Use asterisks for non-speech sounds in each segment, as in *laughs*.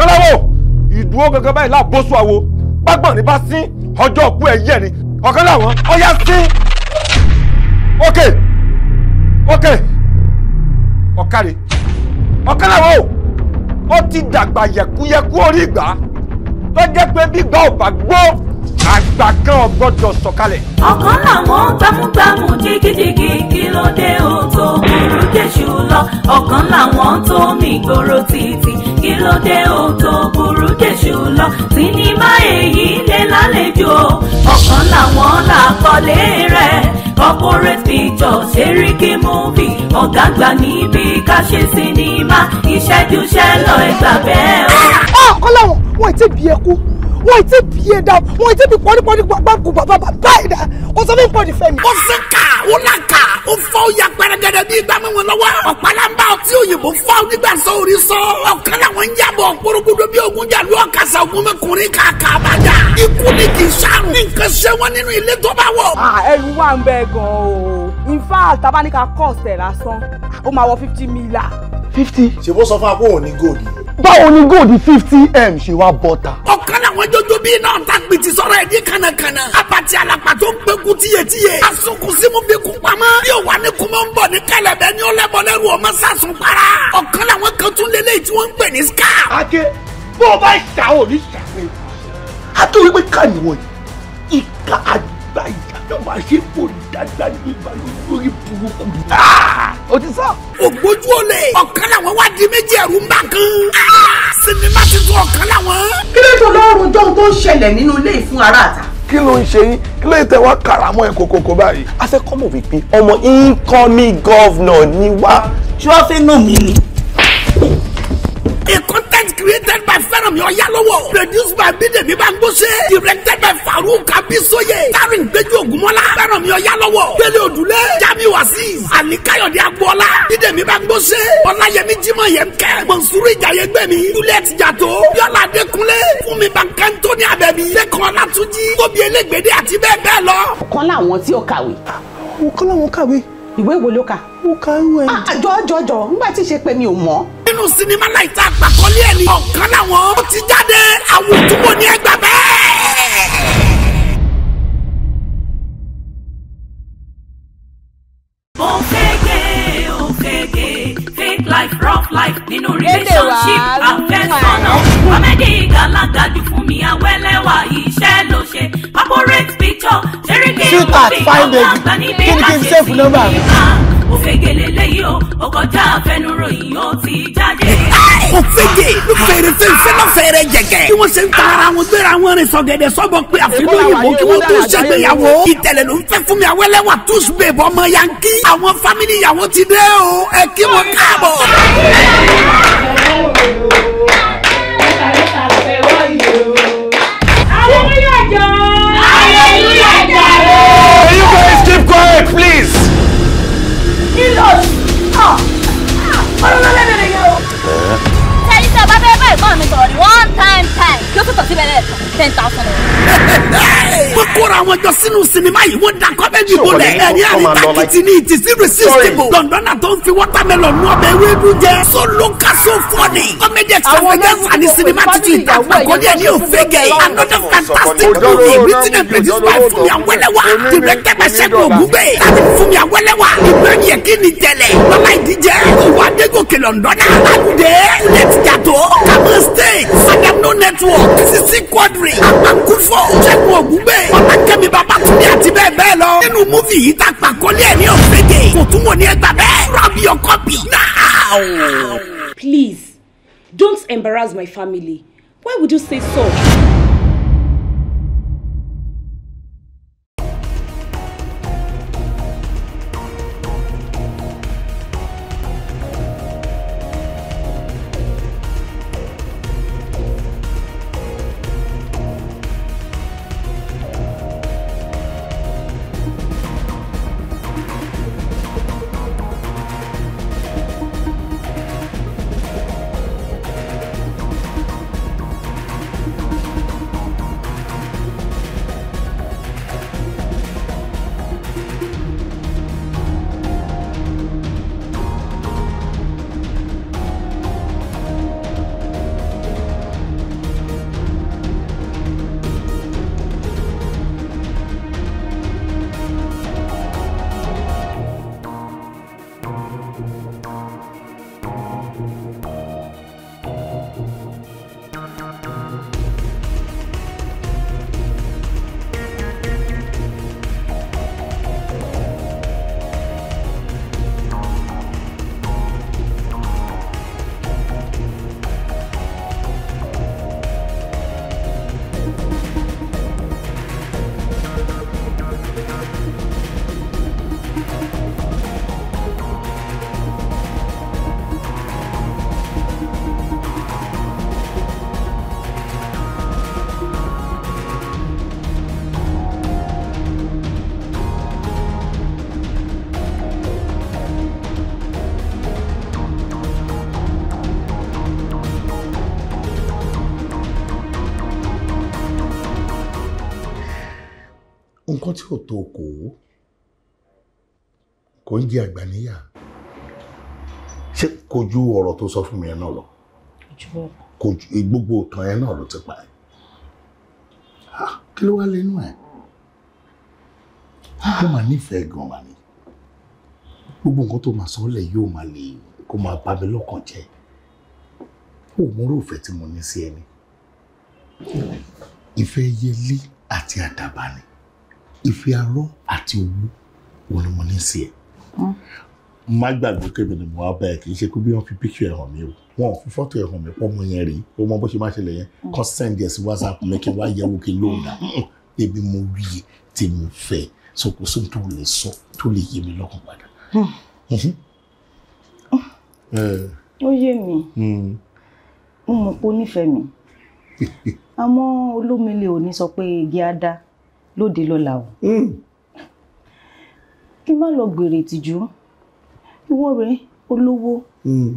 kọ́láwò ìdúró gangan báyìí láàbọ̀sù àwo gbàgbọ́n ní bá sín ọjọ́ òkú ẹ̀ yẹ̀ ni ọ̀kan láwọn ọ̀yá sín ókè ókè ọ̀kàrẹ̀ ọ̀kan láwọn ó ti dàgbà yẹ̀kúyẹ̀kú orí ìgbà tó jẹ́ pé bí gbà ò gbọ́ àgbà kan ò gbọ́dọ̀ sọ̀kalẹ̀. ọ̀kan làwọn gbámúgbámú jìgìjìgì kí ló dé o tó burú jésù lọ ọ̀kan làwọn tó mì gbòòrò títì kí ló dé o tó burú jésù lọ sinimá èyí lè lálejò ọ̀kan làwọn làkọlé rẹ̀ corporate pictures, Seriki movie ọ̀gá gbà níbi ká ṣe sinimá ìṣẹ́jú ṣẹlọ ẹgbà bẹ́ẹ̀ o. Ah! Ah! ọ̀kan làwọn wọ́n ti bí ẹ wọn ti bí ẹ dá wọn ti bí pọ́nipọ́ni gbàgbọ́ bàbá báyìí dá o sọ fún mi pọ̀ nífẹ̀ẹ́ mi. ó sì kà ó là kà ó fọ́ ó ya pẹ́rẹ́gẹ́dẹ́ bí ìgbà mẹ́wọ̀n lọ́wọ́ ọ̀pálábá ọtí òyìnbó fọ́ nígbà sọ orí sọ ọ̀kan làwọn ń yàbọ̀ gbórógbódó bí ogun jàlú ọ̀kasà ogun mẹ́kùnrin kàkà àbájá ikú ni kì í ṣàrùn nǹkan ṣe wọn nínú ilé tó bá wọ̀. ẹ̀rù wà ń bẹ gan-an o in fact tabanika cost ẹ̀ lásán ó máa wọ fifty mila. fifty. ṣe bó sọ fún wa pé òun ní góòdì. báwo ni góòdì fifty m ṣe wá bọ́ta. ọ̀kan àwọn jọjọ bíi náà ta gbìtì sọ̀rọ̀ ẹ̀ ní kànákànná. abàtì alapa tó ń gbẹ́kú tíyetíye. asunkun símú bí kú pamọ́. yóò wá ní kúmọ́ ń bọ̀ ní kẹlẹ̀bẹ̀ ní ọlẹ́bọ̀lẹ́rù ọmọ sàsùn para. ọ̀kan làwọn kan tún lélẹ̀ tí wọ́n ń pè ní scar. ake bó o bá ṣà ò ní ṣàfihàn. a tó wípé ká ìwọ yìí ìka àgbà yìí ìjọba ṣe kò dàgbà nígbà lórí burúkú. o ti sọ. ògbójú olè. ọ̀kan làwọn wá di méjì ẹ̀rù ń bà kan. sinimá ti tún ọ̀kan làwọn. kí ló tó lọ́rùn jọ́hún tó ń ṣẹlẹ̀ nínú ilé ìfún ara àtà kí ló ń ṣe yín kí ló tẹ wá karamọ ẹ kòkòkò báyìí. a fẹ́ kọ́ mọ̀ wípé ọmọ incoming governor ni wá. ṣé wàá fẹ́ nà mí ni. fẹ́ràn mi ọ̀yá lọ́wọ́. produced by bídèmí bangbóṣe. directed by farouk abisoye. starring gbẹ́jú ògúnmọ́lá. fẹ́ràn mi ọ̀yá lọ́wọ́. pélé òdùlé. jamiu azeez. àní káyọ̀dé agbọ́lá. bídèmí bangbóṣe. ọláyẹmí jimoh yẹn kẹ́. mọ̀nsúrù mi juliet jato yọlá adékúnlé. fúnmi bankantoni abẹ́mi. lẹ́kàn ọlátúnjí. tóbi elégbèdé àti bẹ́ẹ̀ bẹ́ẹ̀ lọ. kọ́ làwọn tí ó kàwé. kọ́ làwọn kàwé. ìwé wo ló kà? mo kà á wẹ̀. àjọ ah, jọjọ nígbà tí ì nínú sinimá náà àgbàkọ́lé ẹ̀ ọ̀kan làwọn ó ti jáde àwòtúwò ní ẹgbà bẹ́ẹ̀. life rough life nínú relationship àfẹ́sọ́nà comedy galagaju fún mi awẹ́lẹ́wà iṣẹ́ ló ṣe corporate picture ṣeréke ìwọ́n fi ọ̀gá níbi àṣẹ sí ìgbà òfegè lélẹ́yìí o ọkọ̀ tá a fẹnu ròyìn ó ti jáde. òfegè ló fèrè fèrè náà fèrè jẹ̀gẹ̀. bí wọ́n ṣe ń ta ara wọn gbéra wọn rìn sọ̀gẹ̀dẹ̀ sọ́bọ̀ pé àfihàn òyìnbó kí wọ́n tó ṣègbéyàwó. ìtẹ̀lẹ̀ ló ń fẹ́ fún mi awẹ́lẹ́wà túùsù bèbọ̀ ọmọ yankí. àwọn fámìlì ìyàwó ti dé o ẹ kí wọn káàbọ̀. Jọ́ọ̀sì ọlọ́lọ́lẹ́ mi nìyẹn o. sẹ́yìn tí ọba fẹ́ bá ẹ̀gbọ́n mi sọ̀rọ̀ ní one time time you're ó to tọ̀ síbẹ̀ ten thousand. wọ́n kóra àwọn jọ sínú sinimá yìí wọ́n da kọ́mẹ́dì bọ́lẹ̀ ẹ̀rí àríntàkìtì ní ìtìsí resistible lọ́ndọ́nà tó ń fi wọ́tàmẹ́lọ̀ nú ọbẹ̀ ewédú jẹ́ so local so funny kọ́mẹ́dì extravagance àní sinimá títí ìtàkùn àkọ́lé ẹ̀ ní òfegè another fantastic movie written and produced by Fúnmi Awẹ́lẹ́wà directed by Ṣẹ́gun Ògúngbè tàbí Fúnmi Awẹ́lẹ́wà ìbẹ́ni ẹ̀kí ni tẹ̀lẹ̀ bàbá ìdíje ìwà adégòkè lọ́ndọ́nà àgùdé ilẹ̀ tìjàtó kàmú state adamu network sisi quadri Henry Akufo Ṣẹ́gun Ògúngbè Ọlákẹ́mi Babátúndé àti bẹ́ẹ̀ bẹ́ẹ̀ lọ. Nínú múfì yìí ta pàkọ́lé ẹ̀ ní ọ̀fẹ́gẹ̀. Kò tún wò ní ẹgbà bẹ́ẹ̀. Grab your copy now. Please, don't embarrass my family. Why would you say so? nǹkan tí ò tó okòwò kò ń jẹ àgbà níyà ṣé kò ju ọ̀rọ̀ tó sọ fún mi yẹn náà lọ kò ju e, gbogbo ìtàn yẹn náà ló ti pa ẹ́ kí ló wá lẹ́nu ẹ̀ ó máa nífẹ̀ẹ́ gan-an ni gbogbo nǹkan tó máa sọ ọ́lẹ̀ yóò máa lè kó máa bá mi lọ́kàn jẹ́ ó múrò ìfẹ́ tí mo ní sí ẹni ìfẹ́ yẹlé àti àdàbà ni ìfẹ́ arọ́ àti owó òun ni mo ní sí ẹ. Hmm. má gbàgbé kébì ni mo wá bá ẹ kì í ṣe kó bí wọ́n fi píkì ẹ̀ hàn mí o wọn ò fi fọ́tò ẹ̀ hàn mí pọ́ mọ yẹn rí o mọ bó ṣe máa ṣẹlẹ̀ yẹn hmm. kọ́ sẹ́ndì ẹ̀ sí whatsapp mi kí n wá yẹ̀wò kí n lóun dà hmm. èmi mo rí i tèmi fẹ́ so kò sóhun tó lè sọ tó lè yé mi lọ́kàn padà. Oh. Eh. ó yé mi mo mọ̀ pé ó nífẹ̀ẹ́ mi *laughs* àmọ́ olómi lè ò ní sọ pé igi á dá lóde lọ́la o. Hmm. kí n má lọ gbèrè ìtìjú ìwọ rẹ olówó hmm.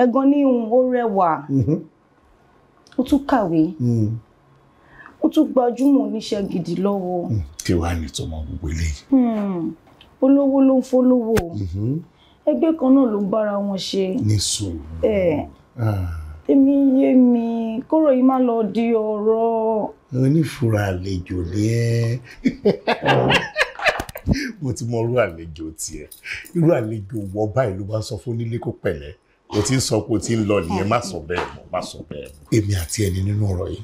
ẹ̀gan ní ohun ó rẹwà hmm. ó tún kàwé ó tún gbajúmọ̀ oníṣẹ́ gidi lọ́wọ́. kí wàá ní tọmọ gbogbo eléyìí. olówó ló ń fólówó ẹgbẹ́ kan náà ló ń bára wọn ṣe. ní sùúrù èmi yé mi kóró yìí má lọ di ọ̀rọ̀. onífura àlejò ni ẹ *laughs* mo ti mọ irú àlejò tiẹ irú àlejò wọ báyìí ló bá sọ fún onílé kó pẹ̀lẹ́ o ti ń sọ pé o ti ń lọ nìyẹn má sọ bẹ́ẹ̀ mọ́ má sọ bẹ́ẹ̀ mọ́. èmi àti ẹni nínú ọ̀rọ̀ yìí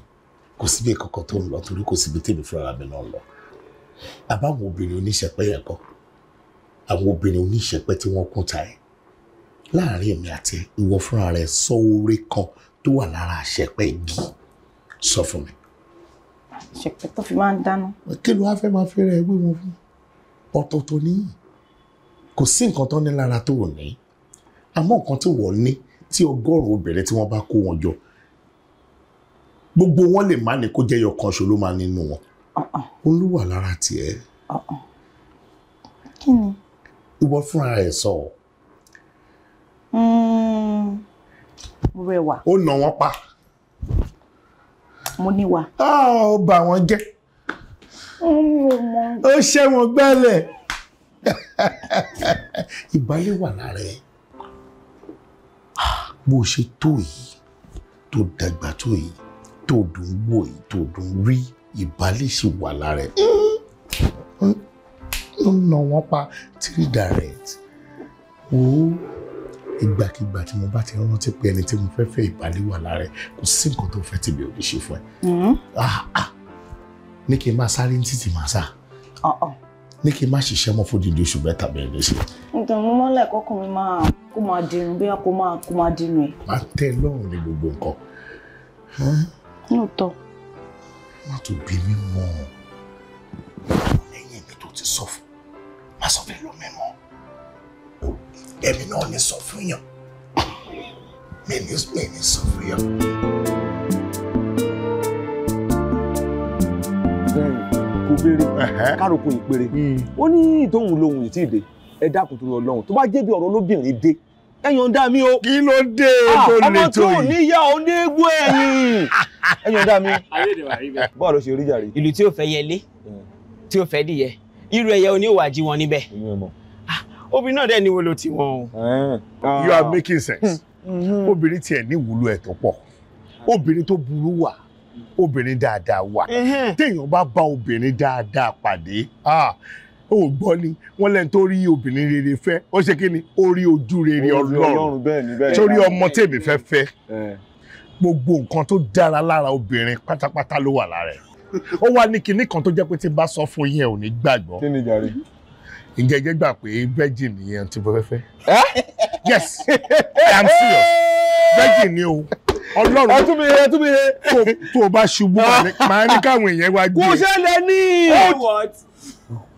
kò síbi kankan tó ń lọ torí kò síbi tèmi fúnra mi náà lọ àbáwọn obìnrin oníṣẹpẹ yẹn kọ àwọn obìnrin oníṣẹpẹ tí wọ́n kún ta láàrin èmi àti ìwọ fúnra rẹ sọ oore kan tó wà lára àṣẹpẹ igi sọ fún mi. àṣẹpẹ tó fi máa ń dáná. kí ló wá fẹ́ máa fi rẹ̀ gbé wọn fún ọ̀tọ̀ọ̀tọ̀ nìyí kò sí nǹkan tó ní lára tó ò ní àmọ́ nǹkan tí wọ́n ní tí ọgọ́rùn-ún obìnrin tí wọ́n bá kó wọn jọ gbogbo wọn lè má ní kó jẹ́ yọkan ṣo ló máa nínú wọn uh-uh. òun ló wà lára tiẹ̀. Uh-uh. kí ni. ìwọ fúnra rẹ sọ ọ. Hmm. mo rẹwà. ó nà wọ́n pa. mo níwà. ó bà wọ́n jẹ́. ó ṣe wọn gbálẹ̀. *laughs* ìbálẹ̀ wà lára ẹ̀ bó ṣe tó yìí tó dàgbà tó yìí tó dùn wò yìí tó dùn rí ìbálẹ̀ sì wà lára ẹ̀ ó nà wọ́n pa three direct wò ìgbàkigbà tí mo bá ti rántí pé ẹni tí mo fẹ́ fẹ́ ìbálẹ̀ wà lára ẹ kò sí nǹkan tó fẹ́ tìbí òde ṣe fún ẹ. Mm-hmm. Ah, ah. ní kí n máa sáré ní títì máa sá uh-uh. ní kí n má ṣiṣẹ́ mọ́ fódìdí oṣù mẹ́ta bẹ́ẹ̀ lè ṣe. ǹjẹ́ mo mọ́lẹ̀ kọ́kọ́ mi máa kó máa dirun bí kó máa kó máa dirun ẹ̀. máa tẹ́ lọ́rùn ní gbogbo nǹkan. lóòótọ́. má tún bí mi mọ́ mi tó ti sọ fún má sọ fẹ́ lọ́mẹ́ mọ́ èmi náà ní sọ fún yàn mi ní mi ní sọ fún yàn. kò béèrè károkò ìpèrè hmm. ó ní ìtòhùn lòun ìtì ìdè ẹ dákun tó lọ lọ́hùn tó bá jẹ́ bí ọ̀rọ̀ olóbìnrin dé ẹ̀yàn dá mi o. kí ló dé ah, tó lè tó yìí. ọmọ tó níyà onígun ẹ̀yìn. *laughs* ẹ̀yàn dá mi. bọ́ọ̀lù ṣe orí jàre. ìlú tí ò fẹ́ yẹlé tí ò fẹ́ dìyẹ irú ẹyẹ oníwàjí wọn níbẹ̀ obìnrin náà dẹ̀ ní wúlò tiwọn o. Ah. you are making sense. Mm-hmm. obìnrin tiẹ̀ ní wúlò ẹ̀ tó pọ̀ obìnrin tó burú wà obìnrin dáadáa wà téèyàn bá bá obìnrin dáadáa pàdé ó ah, gbọ́ ni wọ́n lẹ́nu tó rí obìnrin rere fẹ́ ó ṣe kí ni ó rí ojú rere ọlọ́run torí ọmọ tèmi fẹ́ fẹ́ gbogbo nǹkan tó dára lára obìnrin pátápátá ló wà lára ẹ̀ ó wá ní kinní kan tó jẹ́ pé tí n bá sọ fún yín ẹ̀ ò ní gbàgbọ́ ǹjẹ́ ẹ̀jẹ̀ gbà pé virgin nìyẹn tí mo yes i am serious virgin ni o ọlọ́run ẹtún mi ẹtún mi. tó o bá ṣubú *laughs* máa ní káwọn èèyàn wá gbé. kò ṣẹlẹ̀ ní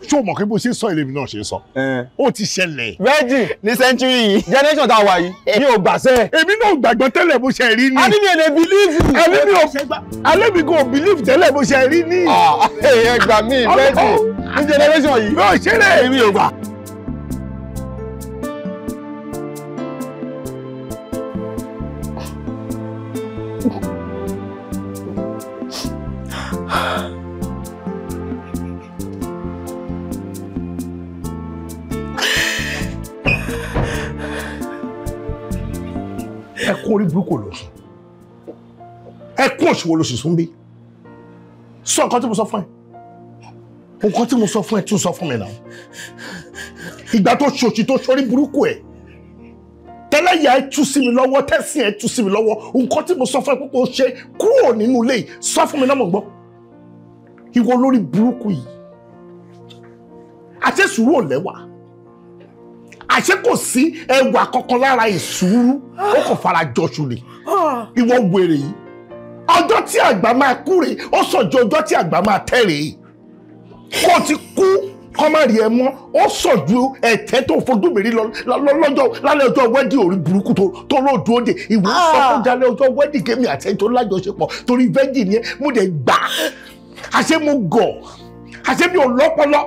ṣó mọ̀ pé bó ṣe sọ ìlẹ́mi náà ṣe sọ eh. ó ti ṣẹlẹ̀. rẹ́jì ní sẹ́ńtúrì yìí generation tá a wà yìí mi ò gbàṣẹ́. èmi náà gbàgbọ́ tẹ́lẹ̀ bó ṣe rí ni. a ní mi ò lè bílíìfù. alẹ́ mi ò alẹ́ mi kò bílíìfù tẹ́lẹ̀ bó ṣe rí ni. Ah, ẹ gbà mí ah, rẹ́jì ah. ní generation yìí. yóò ṣẹlẹ̀ èmi ò gbà. Thank you. ẹkún orí burúkú ló sùn ẹkún òṣùwò ló sì sùn bí sọ nǹkan tí mo sọ fún ẹ nǹkan tí mo sọ fún ẹ tún sọ fún mi náà ìgbà tó ṣòṣì tó ṣorí burúkú ẹ tẹ́lẹ̀yà ẹ tú sí mi lọ́wọ́ tẹ́sí ẹ tú sí mi lọ́wọ́ nǹkan tí mo sọ fún ẹ pé kò ṣe kúrò nínú ilé sọ fún mi náà mọ̀ gbọ́ ìwọ lórí burúkú yìí àti sùúrù ò lẹ́wàá àṣé kò sí ẹwà kankan lára ìṣúrú ó kò fara jọṣù ni ìwọ wèrè yìí ọjọ́ tí àgbà máa kú rèé ó sọ̀jọ́ ọjọ́ tí àgbà máa tẹ̀ rèé kó o ti kú kọ́ má rí ẹ mọ́ ó sọ̀jú ẹ̀tẹ́ tó fojú mi rí lọ́jọ́ lálẹ́ ọjọ́ wẹ́dì orí burúkú tó lóòdù òde ìwé ah. sọ fún dalẹ́ ọjọ́ wẹ́dì kémi àtẹ́yìn tó lájọṣepọ̀ torí vẹ́jì ni ẹ mú dẹ̀ gbà àṣé mo gọ̀ àṣé mi ò lọ́pọlọ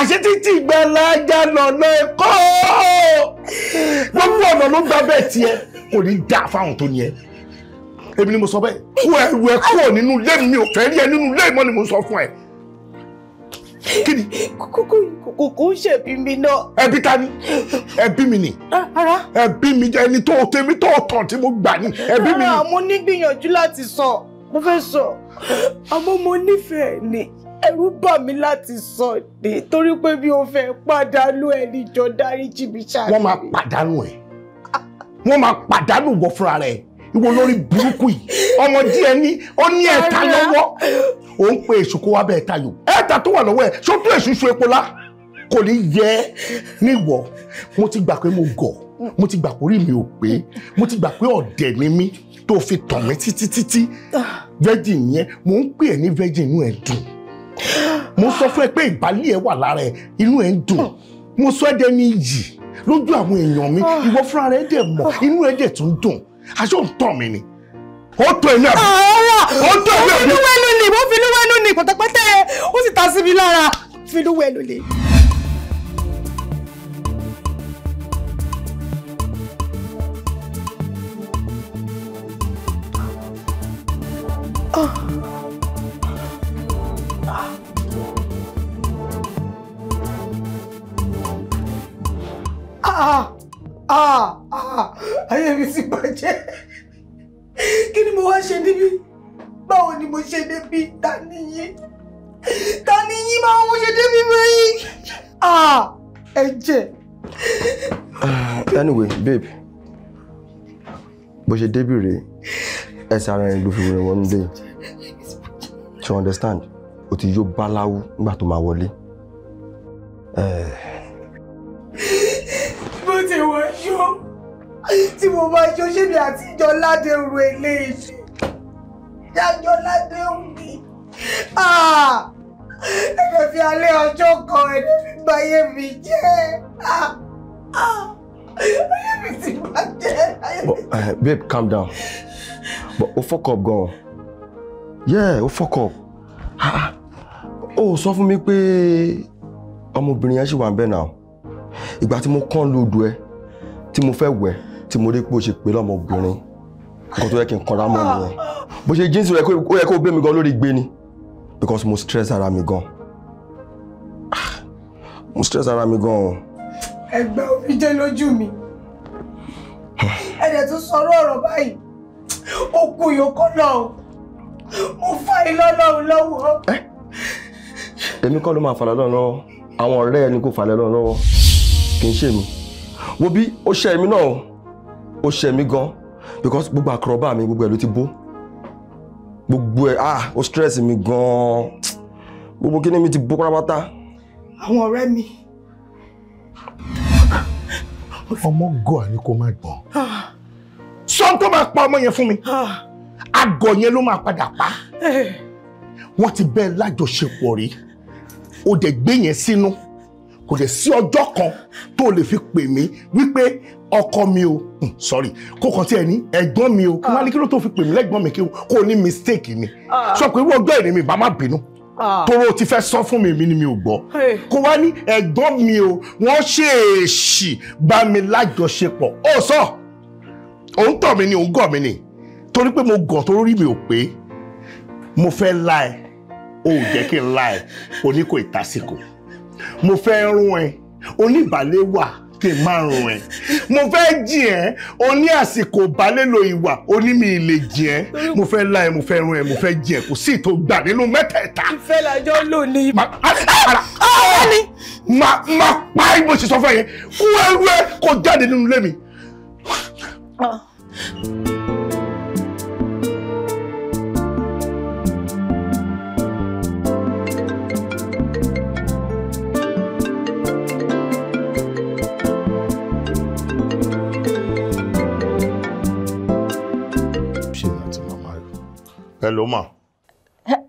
àṣẹ títí ìgbàlájà lọ́nà ẹ̀kọ́ gbogbo ọ̀nà ló gbà bẹ́ẹ̀ tiẹ̀ kò ní dá fáwọn tó ní ẹ èmi ni mo sọ bẹ́ẹ̀ kú ẹrù ẹ kúrò nínú ilé mi ò fẹ́ rí ẹ nínú ilé mọ́ ni mo sọ fún ẹ. kí ni. kò kò ṣẹ̀bi mi náà. ẹbí ta ni ẹbí mi ni ah, ẹbí mi jẹ ẹni tó tẹ̀mí tó tàn tí mo gbà ni ẹbí mi ni. mo ní gbìyànjú láti sọ mo fẹ́ sọ àmọ́ mo nífẹ̀ẹ́ ni ẹ̀rù bà mí láti sọ nítorí pé bí o fẹ́ pàdánù ẹ níjọ dáríjì mi ṣáà. wọ́n máa pàdánù ẹ̀ wọ́n máa pàdánù wọ fúnra rẹ̀ ìwọ lórí burúkú yìí ọmọ díẹ̀ ní ó ní ẹ̀ta lọ́wọ́ ó ń pe èṣù kó wá bẹ́ẹ̀ tayò ẹ̀ta tó wà lọ́wọ́ ẹ̀ ṣótú èṣù ṣu epo lá kò ní yẹ ẹ́ níwọ̀ mo ti gbà pé mo gọ̀ mo ti gbà pé orí mi ò pé mo ti gbà pé ọ̀dẹ̀ ni mí tó fi tàn mí títí títí ah. virgin yẹn mo ń pè é ní virgin inú ẹ̀ dùn mo sọ fún ẹ pé ìbálẹ̀ ẹ wà lára ẹ inú ẹ ń dùn mo sọ ẹ dẹni yì lójú àwọn èèyàn mi ìwọ fúnra rẹ dẹ̀ mọ̀ inú ẹ dẹ̀ tún dùn aṣọ ń tàn mí ni ó tó ẹ náà ó tó ẹ náà. ó finú wẹ́nu ni ó finú wẹ́nu ni pátápátá ó sì ta sí mi lára finú wẹ́nu ni. Oh. Ah, ah, ah, ayé mi ti bàjẹ́ kí ni mo wá ṣe níbí báwo ni mo ṣe débi ta ni yín ta ni yín báwo mo ṣe débi báyìí ẹ̀jẹ̀. anyway babe bó ṣe débi rèé ẹsẹ̀ ara ẹni ló fi rìn wọ́n dé to understand o ti yó báláwú nígbà tó máa wọlé. Eh, tí mo bá jọ ṣé mi àti ìjọ ládé ru eléyìí ìdájọ ládé òní ah! ẹ̀fẹ̀ fi alẹ́ ọjọ́ kan ẹ̀fẹ̀ fi báyé mi jẹ́ ah! Ah! ayé mi ti bàjẹ́. Oh, eh, babe calm down but o fuck up gan yeah o fuck up o sọ fún mi pé ọmọbìnrin yẹn ṣì wà ń bẹ̀ náà ìgbà tí mo kàn lóòdù ẹ tí mo fẹ́ wẹ̀ tí mo rí pé o ṣe pé lọ́mọbìnrin nǹkan tó yẹ kí n kanra mọ́ nìyẹn bó ṣe jíǹsì rẹ ó yẹ kó gbé mi gan lórí gbé ni because mo stress ara mi gan mo stress ara mi gan o. ẹgbà omi jẹ lójú mi ẹ̀dẹ̀ tó sọ̀rọ̀ ọ̀rọ̀ báyìí ó kú ìyókọ́ náà mo fa iná náà lọ́wọ́. èmi kọ́ ló máa falẹ̀ lọ́wọ́ àwọn ọ̀rẹ́ ẹni kò falẹ̀ lọ́wọ́ kì í ṣèmi wo bí ó ṣe èmi náà o ó ṣe mí gan because gbogbo àkọrọ̀bá mi gbogbo ẹ̀ ló ti bó gbogbo ẹ̀ ah ó stress mi gan gbogbo kíní mi ti bó pátápátá. àwọn ọ̀rẹ́ mi. ọmọ gọ́à ni kò máa gbọ́n ah. sọ́n tó máa pa ọmọ yẹn fún mi ah. àgọ̀ yẹn ló máa padà pa eh. wọ́n ti bẹ́ẹ̀ lájọṣepọ̀ rí o dẹ̀ gbé yẹn sínú kò dẹ̀ sí ọjọ́ kan tó lè fi pè mí wípé ọkọ mi o hmm, sorry kò kàn tí ẹ ní ẹ̀gbọ́n mi o kí wọ́n á ní kí ló tó fi pè mí lẹ́gbọ́n mi kí kò ní mistake ni ah. sọ pé irú ọjọ́ ìrìn mi bá má bínú ah. toro ti fẹ́ sọ fún mi mi ni mi ò gbọ́ kó wá ní ẹ̀gbọ́n mi o wọ́n ṣèèṣì bá mi lájọṣepọ̀ ó sọ òun tọ̀ mí ni òun gọ̀ mí ni torí pé mo gọ̀ tó rí mi ò pé mo fẹ́ la ẹ̀ o ò jẹ́ kí n la ẹ̀ oníkò ìtàsíkò mo fẹ́ rún ẹ oníbàálẹ̀ wà kí n máa rún ẹ mo fẹ́ jì ẹ́ o ní àsìkò balẹ̀lò ìwà o ní mi lè jì ẹ́ mo fẹ́ la ẹ mo fẹ́ rún ẹ mo fẹ́ jì ẹ kò sí ìtò gbà nínú mẹ́tẹ̀ẹ̀ta. ìfẹ́ làjọ lò ní. ma ma pa ibo ṣe sọ fún ẹ yẹn kú ẹrú ẹ kó jáde nínú ilé mi. Ah. hello ma.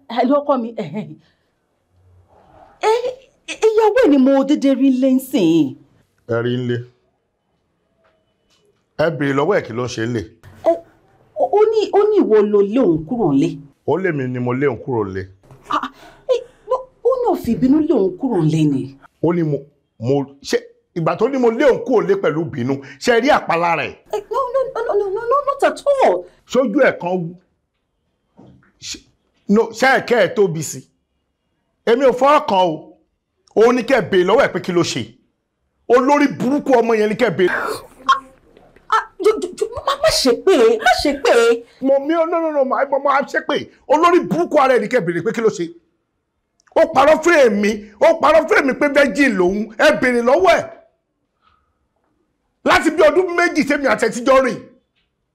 hello ọkọ mi eh, eh, eh. ìyàwó ẹ̀ ni mo dédé rí lé ń sìn. ẹ rí ń lé ẹ béèrè lọ́wọ́ ẹ̀ kí ló ń ṣe ń lè. ó ní ó ní ìwọ ló lé òun kúrò ńlé. ó lè mi ni mo lé òun kúrò ńlé. ó náà fi ìbínú lé òun kúrò ńlé ni. ó ní mo mo ṣe ìgbà tó ní mo lé òun kúrò ńlé pẹ̀lú ìbínú ṣe rí àpálára ẹ̀. no no no no no not at all. sójú ẹ̀ kan no ṣẹ́ẹ̀kẹ́ ẹ̀ tóbi sí èmi ò fọwọ́ kan o òun ní kẹ́ ẹ̀ bèè lọ́wọ́ ẹ̀ pé kí ló ṣe olórí burúkú ọmọ yẹn ní kẹ́ ẹ̀ bèè. Ah, má ṣe pé má ṣe pé. mo mi ò no no no máa mọ máa ṣe pé olórí burúkú ara ẹ̀ ní kẹ́ ẹ̀ bèèrè pé kí ló ṣe ó parọ́ fún èmi ó parọ́ fún èmi pé virgin lòun ẹ bèèrè lọ́wọ́ ẹ̀ láti bí ọdún méjì tèmi àtẹ̀tíjọ́ rìn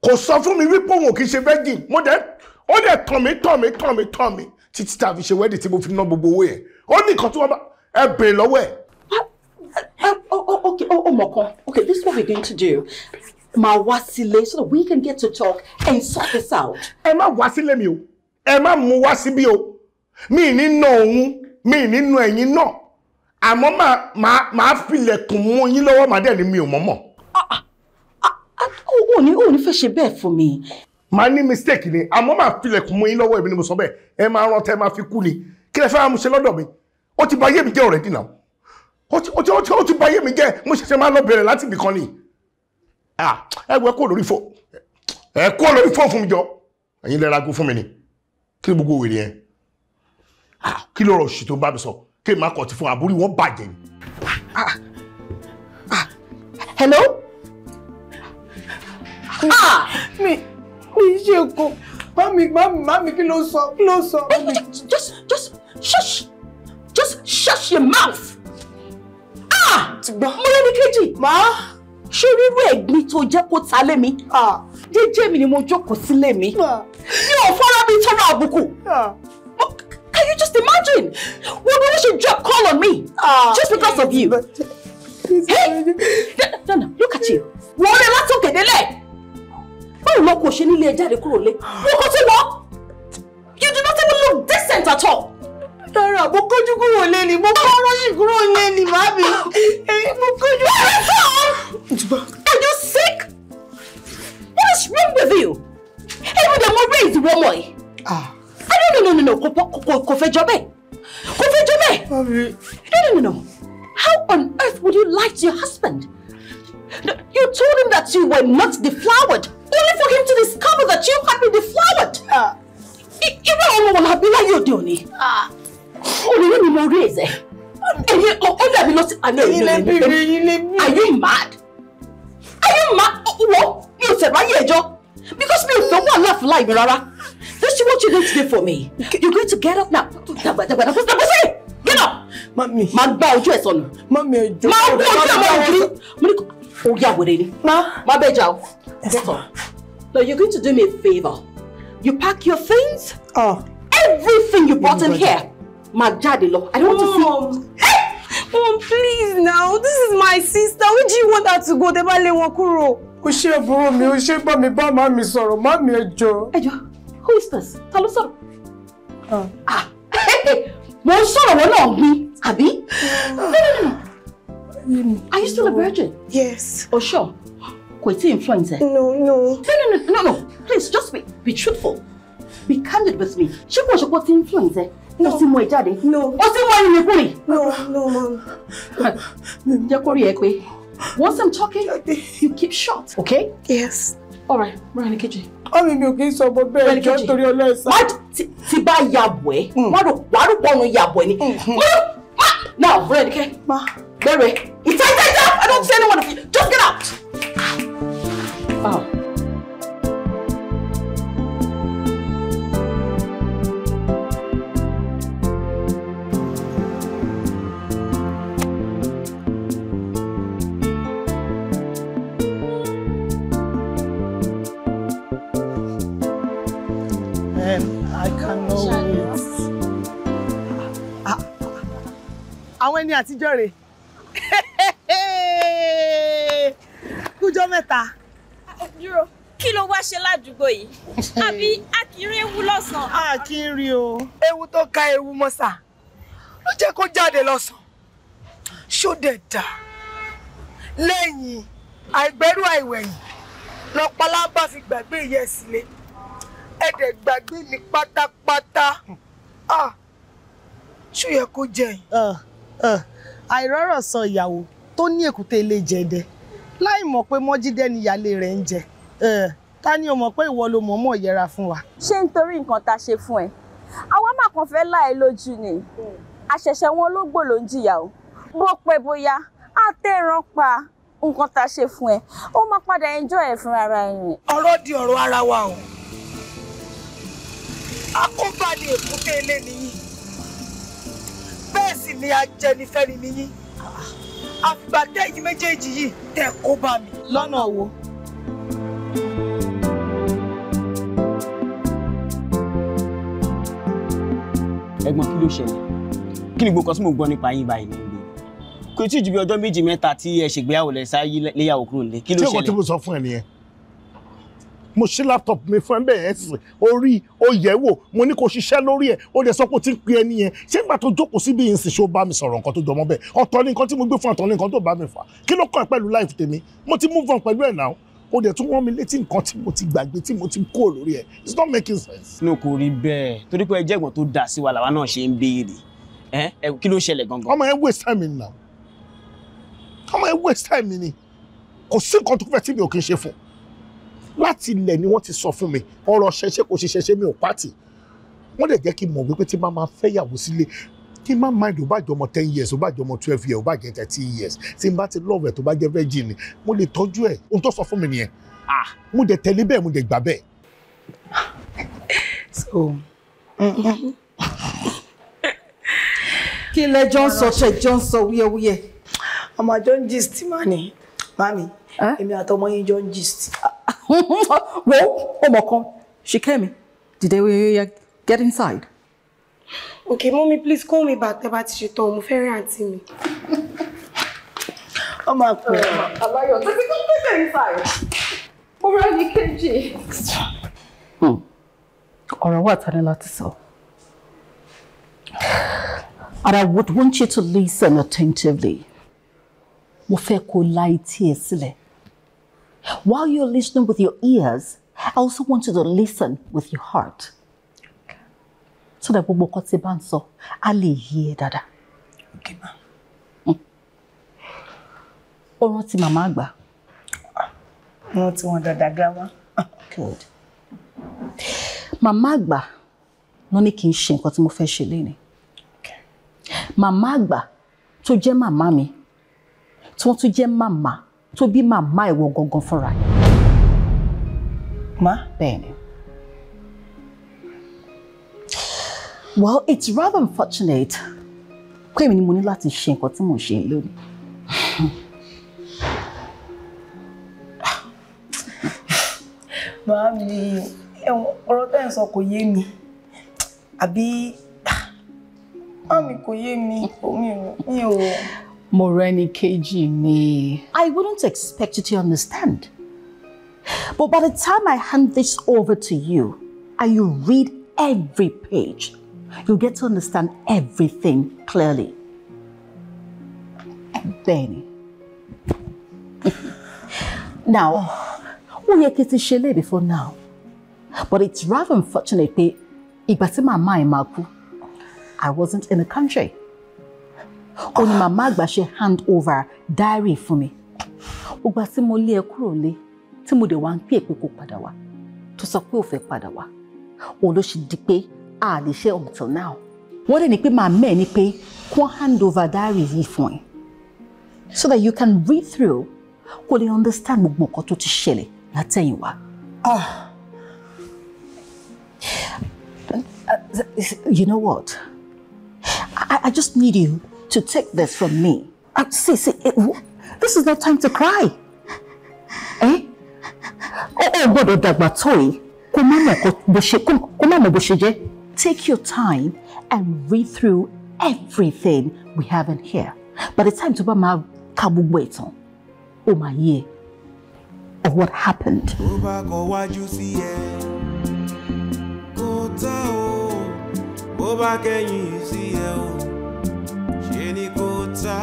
kò sọ fún mi wípé òun ò kì í virgin mo dẹ̀ ó dẹ̀ tàn mí tàn mí tàn mí tàn mí títí tá a fi ṣe wẹ́ẹ̀dì tí mo fi ná gbogbo owó yẹn ó ní nǹkan tí wọ́n bá ẹ bèrè lọ́wọ́ ẹ̀. Ah, ah, oh, oh, okay oh, oh kan okay this is what we going to do máa wá sílé so that we can get to talk and sort this out. ẹ má wá sílé mi o ẹ má mú wá síbí o mi nínú òun mi nínú ẹ̀yin náà àmọ́ màá filẹ̀kùn mú yín lọ́wọ́ màá dẹ̀ ní mi ò mọ̀ mọ̀. ó ní ó ní fẹ́ ṣe bẹ́ẹ̀ fún mi máa ní mistake ni àmọ́ máa filẹ̀kùn mọ́ yín lọ́wọ́ èmi ni mo sọ bẹ́ẹ̀ ẹ máa rán tẹ́ máa fi kú ni kí lẹ fẹ́ máa mú ṣe lọ́dọ̀ mi ó ti bà ayé mi jẹ́ ọ̀rẹ́dì náà ó ti ó ti ó ti ó ti bà ayé mi jẹ́ mo ṣẹ̀ṣẹ̀ máa lọ bẹ̀rẹ̀ láti ibì kan ni ẹ wẹ kó lórí fò ẹ kó lórí fò fún mi jọ ẹ̀yin lẹ́ra gún fún mi ni kí ni gbogbo wèrè yẹn kí ló rọ̀ ṣì tó bá mi sọ kí n má kọ̀ ti fún àbúrò wọn bàjẹ́ ni. hello. ah mi mi ṣe kò mami mami mami kí ló sọ kí ló sọ. just just shush just shush your mouth. ah mo lẹ́ni kejì. ma. ṣé rírú ẹ̀gbin tó jẹ́ kó ta lé mi jẹ́jẹ́ mi ni mo jókòó sílé mi mi ò fọ́nrán mi tọrọ àbùkù can you just imagine wọ́n bí wọ́n ṣe drop call on me just because of you hey Dana look at you wọ́n lè látòkè délẹ̀ báwo lọ kò ṣe nílé ẹ jáde kúrò lé mo kó tún lọ you do not even look decent at all. rárá mo kójú kúrò lé ni mo kọ́ rọ́ṣì kúrò lé ni màmí èyí eh, mo kójú kúrò. are you sick? what is wrong with you? èmi dẹ̀ mo raise wọ́mọ̀ ẹ̀. no no no no kò fẹ́ jọ bẹ́ẹ̀ kò fẹ́ jọ bẹ́ẹ̀. no no no no how on earth would you lie to your husband? You told him that you were not deflowered. only for him to discover that you had been deflowered. Irú àwọn ọmọ wọ̀lá bí láyé òde òní. Òrìrì mi mo rí ẹ̀sẹ̀. Ẹ̀yin ó dàbí ló ti àná Are you mad? Are you mad? Wọ́n mi ò tẹ̀lé ayé because me ò fẹ́ wà láàfin láì mi let Let's see what you're going to do for me. You're going to get up now. Get up! mommy. Oh yeah, wèrè ni. ma ma bẹ jà o. now you're going to do me a favor. you pack your things. Oh. everything you brought in here ma jáde lọ i don't want to see. Mom, please now this is my sister where do you want her to go tẹ́ bá lé wọn kúrò. o ṣe mi o ṣe mi bá màá mi sọ̀rọ̀ má mi ẹ jọ. who is this ta ló oh. Ah. ah *laughs* mo ń sọ̀rọ̀ wọn náà gbin no no no Really? Are you still no. a virgin? Yes. Oh, sure. *gasps* Kò tí influence. No, no. No, no, no, no, no. Please, just be, be truthful. Be candid with me. She kò ṣe kò influenza. No. Ó ti mú No. Ó ti mú ẹ No, no, ma'am. *laughs* Jẹ́ kó rí ẹ once I'm talking, you keep short, okay? Yes. All right, Rani Keji. Ọ̀rẹ́ mi ò kí ń sọ ọmọ bẹ́ẹ̀ jọ torí ọlọ́ọ̀sá. Má ti bá yàbọ̀ ẹ́, mm. wàá rò pọ̀ ọ̀nà yàbọ̀ ẹ́ ni. Mm-hmm. Ah! Now, Rani Keji. Ma. Derek, you tie that up! I don't see anyone of you! Just get out! Oh. Ah, ah, ah. àwọn ẹni àtijọ́ Jerry. fúnjọ́ mẹ́ta. dúró kí ló wá ṣe ládùúgbò yìí *laughs* àbí a kì í rí ewu lọ́sàn-án. a kì í rí o ewu tó ka ewu mọ́sà ló jẹ́ kó jáde lọ́sàn-án ṣó dẹ̀ dà lẹ́yìn àìgbẹ́rù àìwẹ̀yìn lọ́pàlábà fi gbàgbé ìyẹ́ sílé ẹ̀dẹ̀ gbàgbé mi pátápátá ṣó yẹ kó jẹ yìí. àìrọ́rọ̀ sọ ìyàwó tó ní èkúté ilé jẹ́dẹ́ láì mọ̀ pé mọ́jídé ni ìyáálé rẹ̀ ń jẹ eh, ta ni o mọ̀ pé ìwọ ló mọ̀ọ́mọ̀ yẹra fún wa. ṣé nítorí nǹkan tá a ṣe fún ẹ àwa máa kàn fẹ́ láì lójú ni àṣẹ̀ṣẹ̀ wọn ló gbò ń jìyà o bó pẹ́ bóyá á tẹ̀ràn pa nǹkan tá a ṣe fún ẹ ó máa padà enjoy ẹ̀ fún ara ẹ̀ rìn. ọ̀rọ̀ di ọ̀rọ̀ ara wa o akúnbalẹ̀ èkúté ilé bẹ́ẹ̀ sì ni ajẹnifẹ́ni nìyí àfìgbà tẹ́yìn méjèèjì yìí tẹ́ kó bá mi lọ́nà wo. ẹ̀gbọ́n kí ló ṣẹlẹ̀ kí ni gbogbo tí mo gbọ́ nípa yín báyìí ní ìlú kò tí ì ju bí ọjọ́ méjì mẹ́ta tí ẹ ṣègbéyàwó lẹ́sà yí léyàwó kúrò nílé kí ló ṣẹlẹ̀. tí o kò tí mo sọ fún ẹ nìyẹn mo ṣí laptop mi fún ẹ bẹ́ẹ̀ ẹ̀sìn orí ó yẹ̀ wò mo ní kó ṣiṣẹ́ lórí ẹ̀ ó lè sọ pé ó ti ń pe ẹni yẹn ṣé nígbà tó jókòó síbi yìí ń sìn ṣé bá mi sọ̀rọ̀ nǹkan tó jọmọ́ bẹ́ẹ̀ ọ̀tọ̀ ni nǹkan tí mo gbé fún ọ̀tọ̀ ni nǹkan tó bá mi fà kí ló kàn pẹ̀lú life tèmi mo ti move on pẹ̀lú ẹ̀ náà ó dẹ̀ tún wọ́n mi létí nǹkan tí mo ti gbàgbé tí mo ti kó lórí ẹ̀ it's not making sense. inú kò rí bẹ́ẹ̀ torí pé ẹjẹ́ ìgbọ̀n tó dà sí wa làwa náà ṣe ń béèrè ẹ kí ló ṣẹlẹ̀ gangan. ọmọ ẹ waste time ni na ọmọ ẹ waste time ni kò sí nǹkan tó fẹ́ tí mi ò kí ń ṣe fún láti ilẹ̀ ni wọ́n ti sọ fún mi ọ̀rọ̀ ṣẹṣẹ kò ṣe ṣẹṣẹ mi ò pàtì wọ́n dẹ̀ jẹ́ kí n mọ̀ wípé tí máa máa fẹ́ yàwó sílé kí n má mind ò bá jọ ọmọ ten years ò bá jọ ọmọ twelve years ò bá jẹ thirty years tí n bá ti love ẹ̀ tó bá jẹ́ virgin ni mo lè tọ́jú ẹ̀ ohun tó sọ fún mi nìyẹn ah mo dẹ̀ tẹ̀lé bẹ́ẹ̀ mo dẹ̀ gbà bẹ́ẹ̀. *laughs* so *laughs* kí lẹ jọ ń sọ ṣe jọ ń sọ wúyẹwúyẹ. ọmọ jọ ń gist mà ní mami èmi àtọmọ yín jọ ń gist wo ọmọ she came. Did they get inside. okay mommy please call me back tẹ́ bá ti ṣetán mo fẹ́ rí àǹtí mi. ọmọ àpò aláyọ̀ títí tó tẹ̀lé inside mo rẹ́ Or what are you tani to say? And I would want you to listen attentively. Mufeko, light here, silly. While you're listening with your ears, I also want you to listen with your heart. So that we nǹkan tí bá ń sọ, a lè e Okay ma. Ó rántí Mama àgbà. Not rántí wọn dáadáa grandma. Good. Mama àgbà ló ní kí n ṣe nǹkan tí mo fẹ́ ṣe mama, Màmá àgbà tó jẹ́ màmá mi, tí wọ́n tún tó bí màmá ìwọ gangan fúnra. ma? bẹ́ẹ̀ni. well it's rather unfortunate pé èmi ni mo ní láti ṣe nǹkan tí mò ń ṣe lónìí. Màámi, ọ̀rọ̀ tẹ́ ń sọ kò yé mi. Àbí, màámi kò yé mi, mi ò. Moreni Keji me. I wouldn't expect you to understand. But by the time I hand this over to you and you read every page, you'll get to understand everything clearly. Benny. *laughs* now, we yẹ kí n ti before now. But it's rather unfortunate that ìgbà màmá ẹ̀ I wasn't in the country. ó ní màmá àgbà hand over diary fún mi ògbà tí mo lé ẹ kúrò lé tí mo dẹ̀ wá ń pè pé kó padà wá tó sọ pé ò fẹ́ padà wá òun ló ṣe di pé a lè ṣe until now wọ́n dẹ̀ ní pé màmá ẹ̀ ní pé kí wọ́n hand over diary yìí fún ẹ so that you can read through kó lè understand gbogbo nǹkan tó ti ṣẹlẹ̀ látẹ̀yìnwá. ah you know what I, I just need you to take this from me. Uh, see, see, it, this is not time to cry. Eh? Ó ò gbọ́dọ̀ dàgbà tó yìí, kó má mọ̀ bó ṣe Take your time and read through everything we have in here. By the time tó bá my ka gbogbo ìtàn, ó máa yé of what happened. Tó ní kò tá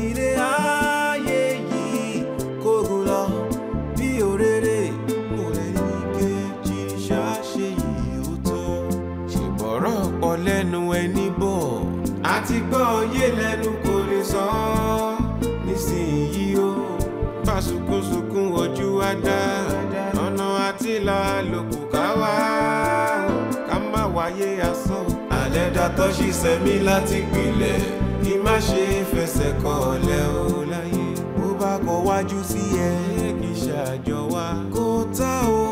ilé ayé yìí kò gùn lọ bí òréré mo lè ní kejì ṣáṣe yìí ó tán. ṣèbọ̀rọ̀ pọ̀ lẹ́nu ẹni bọ̀ àti gbọ́ òye lẹ́nu kò lè sọ ọ́ nísìnyí ó bá sunkúnsunkún wa dá ọ̀nà àtìlá lòkù ẹlẹ́dàá tó ṣì sẹ́mi láti pilẹ̀ kí má ṣe fẹsẹ̀ kọlẹ̀ o láyé bó bá kọ wájú sí ẹ kì í ṣàjọ wa kó tá o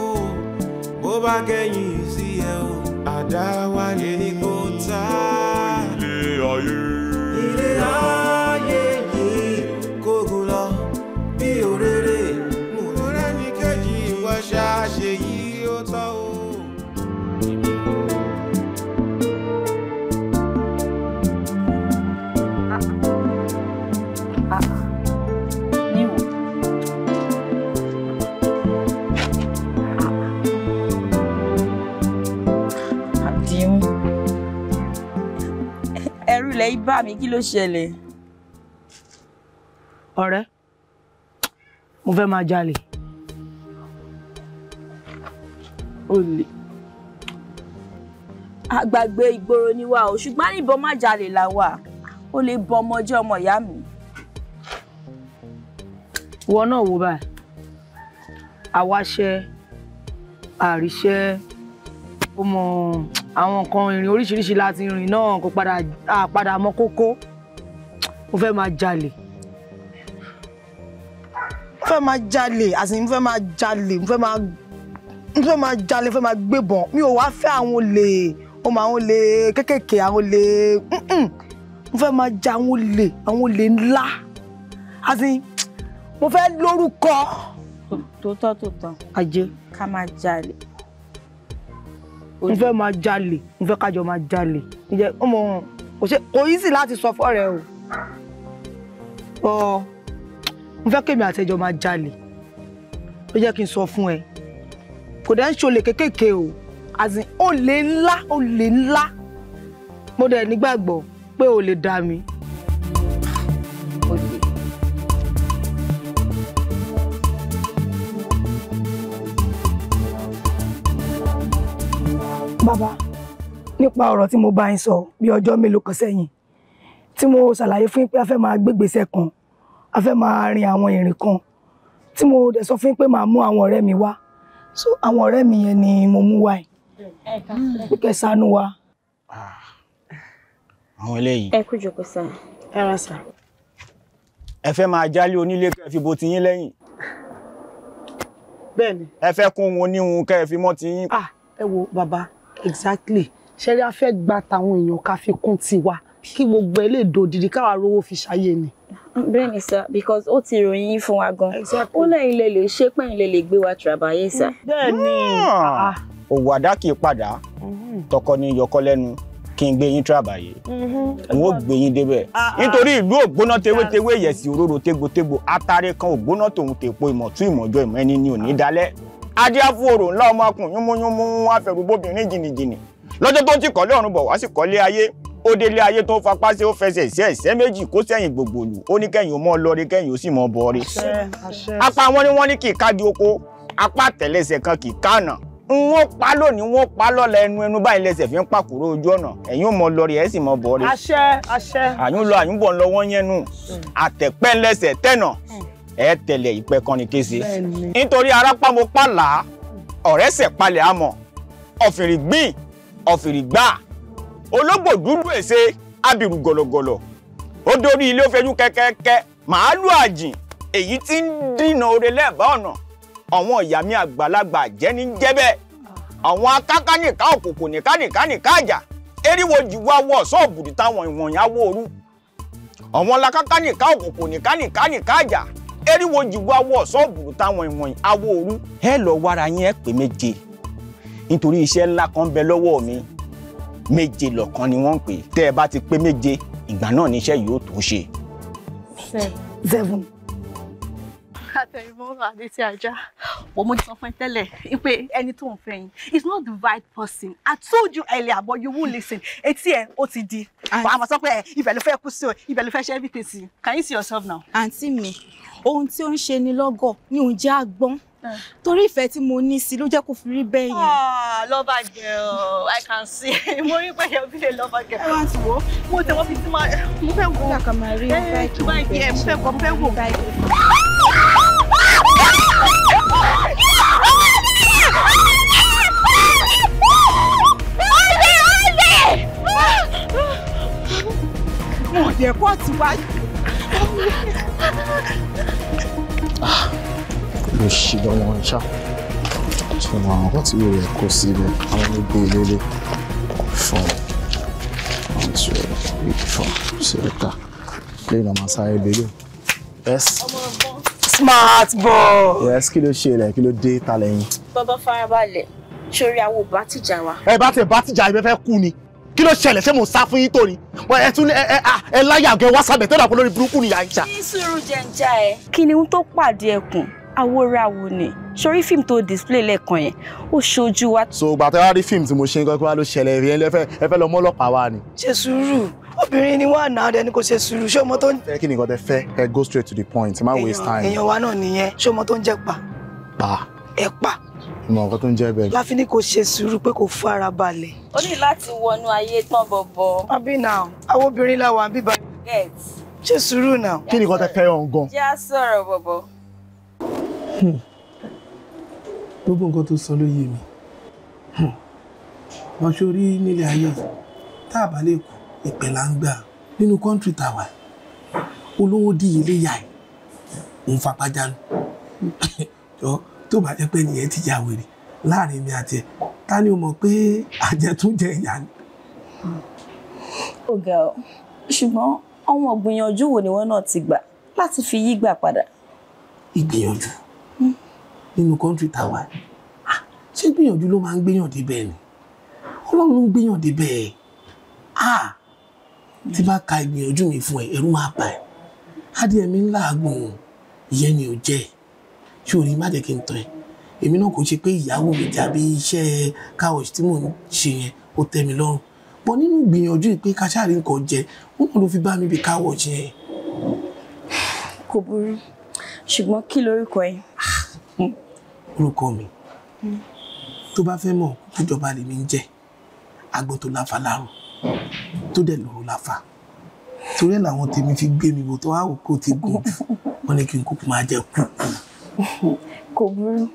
bó bá kẹ́yìn sí ẹ o àdá wálé ní kó tá. ilé ayé. bá mi kí ló ṣẹlẹ̀. ọ̀rẹ́ mo fẹ́ máa jalè. olè àgbàgbé ìgboro ni wa o ṣùgbọ́n níbọn má jalè là wà ó lè bọ ọmọ ọjọ́ ọmọ ìyá mi. ìwọ náà wò báyìí àwaṣẹ àríṣẹ ó mọ. Omo àwọn nǹkan ìrìn oríṣiríṣi láti rìn náà kò padà àpadà mọ kókó mo fẹ́ máa jalè mo fẹ́ máa jalè àti mo fẹ́ máa jalè mo fẹ́ máa mo fẹ́ máa jalè mo fẹ́ máa gbébọn mi ò wá fẹ́ àwọn olè ó máa àwọn olè kéékèèké àwọn olè mo fẹ́ máa ja àwọn olè àwọn olè ńlá àti mo fẹ́ lórúkọ. tòótọ́ tòótọ́ ajé ká máa jalè n fẹ́ máa jalè n fẹ́ kájọ máa jalè ǹjẹ́ ọmọ kò yí sí láti sọ fọ́rẹ̀ o ọ n fẹ́ kémi àtẹjọ máa jalè ló jẹ́ kí n sọ fún ẹ kò dẹ́ ń ṣolè kékèké o àzìn olè ńlá olè ńlá mo dẹ̀ nígbàgbọ́ pé o lè dà mí Baba, nípa ọ̀rọ̀ tí mo bá yín sọ bí ọjọ́ mélòó kan sẹ́yìn tí mo ṣàlàyé fún yín pé a fẹ́ máa gbégbèsè kan a fẹ́ máa rin àwọn ìrìn kan tí mo dẹ̀ sọ fún yín pé màá mú àwọn ọ̀rẹ́ mi wá so àwọn ọ̀rẹ́ mi yẹn ni mo mú wá yìí bí kẹsànú wa. Ah, àwọn eléyìí. ẹ kú jòkó sá ara sá. ẹ fẹ́ máa jálé onílé kẹ́ ẹ fi bo tiyín lẹ́yìn. bẹ́ẹ̀ni. ẹ fẹ́ kún wọn oníhun kẹ́ ẹ fi mọ́ tiyín. ah ẹ wo bàbá exactly ṣẹ́rí a fẹ́ gba tàwọn èèyàn ká fi kún tiwa kí gbogbo ẹ lè dòdìdí káwa rówó fi ṣayé ni. bẹ́ẹ̀ ni sir because ó ti ròyìn yín fún wa gan ó lẹ́yìn lè lè ṣe pẹ́yìn lè lè gbé wa tìrabàyè sir. bẹ́ẹ̀ ni ah. òwò àdá kì í padà mm-hmm. tọkọ ni yọkọ lẹ́nu kí n gbé yín tìrabàyè mm-hmm. n ó gbé yín débẹ̀ ah, ah. nítorí ìlú ògbóná tewétewé ìyẹ̀sì òróró tégbòtégbò atare kan ògbóná tòun tèpo ìmọ̀ tún ìmọ̀jọ ìmọ̀ ẹni ni ò ní dalẹ̀ adíáfú orò ńlá ọmọkùn yúnmúyúnmú wọn afẹrúbóbìnrin jìnnìjìnnì lọ́jọ́ tó ń ti kọ́lé ọ̀run bọ̀ wá sí kọ́lé ayé ó délé ayé tó ń fapá sí ó fẹsẹ̀ sí ẹ̀sẹ̀ méjì kó sẹ́yìn gbogbolù ó ní kẹ́yìn ó mọ́ lọ́ọ́rẹ́ kẹ́yìn ó sì mọ́ bọ́ọ́rẹ́. apá wọn ni wọ́n ní kì í kági oko apá àtẹ̀lẹsẹ̀ kan kì í kànà wọ́n pa lónìí wọ́n pa lọ́la ẹnu ẹnu báyìí lẹ́sẹ̀ fi ń pàkúrò ojú ọ̀nà ẹ̀yin ò mọ lọ́ọ̀rẹ́ ẹ̀ sì mọ bọ́ọ̀rẹ́. àṣẹ àṣẹ. àyùn lọ àyùn bọ̀ ń lọ wọ́n yẹnu mm. àtẹ̀pẹ́ ńlẹsẹ̀ tẹ̀nà mm ẹ tẹ̀lé ìpẹ́ kọrin kése nítorí arápámo pàlà ọ̀rẹ́ sẹ̀ palẹ̀ àmọ̀ ọ̀fìrì gbìn ọ̀fìrì gbà ológbò dúdú èsè abirù gọ̀lọ̀gọ̀lọ̀ ó dórí ilé ó fẹjú kẹ́kẹ́kẹ́ màálù àjìn èyí tí ń dínà oore lẹ́ẹ̀bá ọ̀nà àwọn ìyá mi àgbàlagbà jẹ́ ní jẹ́bẹ̀ àwọn akáká nìka òkòkò nìka nìka nìka àjà eriwo jìwà wọ ṣọ́ọ̀bù táwọn ìwọ̀nyá wọ òru àwọn lakáká nìka òkòkò nìka nìka nìka àjà eriwo jìwọ awọ ṣọ́ọ̀bù táwọn ìwọ̀nyí awọ òru ẹ lọ wára yín ẹ pé méje nítorí iṣẹ́ ńlá kan bẹ lọ́wọ́ mi méje lọ̀kan ni wọ́n ń pè tẹ́ ẹ bá ti pé méje ìgbà náà ni iṣẹ́ yóò tó ṣe. seven. àtẹ̀yìnmọ́ àdètí ajá wọ́n mo ti tẹ́lẹ̀ pé ẹni tó ń fẹ́ yín it's not the right person I told you earlier but you won't listen etí ẹ ó ti di wàá mọ̀ sọ pé ibẹ̀ fẹ́ kú sí o fẹ́ ṣe everything sí can you see yourself now. àǹtí mi ohun tí ó ń ṣe ni lọ́gọ̀ ni òun àgbọ́n ah. torí ìfẹ́ tí mo ní sí ló jẹ́ kó fi rí bẹ́ẹ̀ yẹn. Ah, lover girl i can see *laughs* mo rí pé yẹn bíi lover girl. ẹ wá ti wò ó mo tẹ wọ́n fi tí máa mo fẹ́ wo ẹ tí bá yẹ mo fẹ́ kọ́ mo fẹ́ wò. mo jẹ́ kó ti wáyé ló ṣì lọ́wọ́ ń ṣá tó wọn àwọn ọ̀tí ló yẹ kó síbẹ̀ àwọn ló gbé lélẹ̀ fún one two three four sèta lẹ́yìn náà máa sáré délé. yes. smart boy. yes kí ló ṣe ilẹ̀ kí ló dé ta lẹ́yìn. bàbá farabalẹ̀ sórí àwọn ò bá tìjà wa. ẹ bá tẹ bá tìjà ibẹ fẹ́ kú ni kí ló ṣẹlẹ̀ ṣé mo sá fún yín tó ni ẹ tún ẹ ẹ láyà gẹ wá sábẹ̀ tó dàpọ̀ lórí burúkú ni à ń jà. ní sùúrù jẹ̀ǹjà ẹ. kìnìún tó pàdé ẹkùn awórawo ni sórí fíìmù tó display lẹ́ẹ̀kan yẹn ó ṣojú wa. so gbàtẹ́ wá rí fíìmù tí mo ṣe ń kọ́kọ́ wá ló ṣẹlẹ̀ rí ẹlẹ́fẹ́ ẹ fẹ́ lọ mọ́ ọlọ́pàá wa ni. ṣe sùúrù obìnrin ni wọn àná ẹni kò ṣe sùúrù ṣé ọmọ tó ń. ẹ kí ni nǹkan tẹ fẹ́ ẹ go straight to the point má waste time. èèyàn wa náà nìyẹn ṣé ọmọ tó ń jẹ pa. pa. ẹ pa mọ nǹkan tó ń jẹ́ bẹ́ẹ̀. láfi ní kò ṣe sùúrù pé kò fara balẹ̀. ó ní láti wọnú ayé tán bọ̀bọ̀. àbí náà àwọn obìnrin làwọn àbí bá. ṣe sùúrù náà. kí ni nǹkan fẹ́ hàn gan. jẹ́ sọ̀rọ̀ bọ̀bọ̀. Hmm. gbogbo nǹkan tó sọ ló yé mi hmm. wọn sórí nílé ayé tá a bá lè kú ìpè là ń gbà nínú kọ́ńtì tàwa olówó dìyẹ lè yà ẹ̀ ń fapá jánu. *laughs* tó bá jẹ́ pé nìyẹn ti ya wèrè láàrin mi àti ẹ̀ ta ni o mọ̀ pé àjẹtúnjẹ ìyá ni. ọ̀gá ọ̀ ṣùgbọ́n àwọn ìgbìyànjú wo ni wọ́n náà ti gbà láti fi yí gbà padà. ìgbìyànjú nínú kọ́ńtì tàwa ah, ṣé gbìyànjú ló máa ń gbéyàn débẹ̀ ni ọlọ́run ló ń gbéyàn débẹ̀ ah tí bá ka ìgbìyànjú mi fún ẹ ẹ̀rù máa bà ẹ́ adìẹ mi ń làágùn ìyẹn ni ò jẹ́ ẹ̀ ṣé orin má jẹ́ kí n tán ẹ̀ èmi náà kò ṣe pé ìyàwó mi tàbí iṣẹ́ káwọ̀ṣì tí mò ń ṣe yẹn ó tẹ́ mi lọ́rùn bọ́ nínú gbìyànjú pé káṣáàrí nǹkan jẹ wọn náà ló fi bá mi bí káwọ̀ṣì yẹn. kò burú ṣùgbọ́n kí lorúkọ ẹ. orúkọ mi hmm. tó bá fẹ́ mọ̀ kújọba lèmi ń jẹ́ àgbò tó láfa láàrùn tó dẹ̀ lòrò láfa torí ẹ̀ làwọn tèmi fi gbé mi bò tó àwòkọ́ ti gùn wọn ni kí n kúkú máa jẹ kúkú. *laughs* kò burú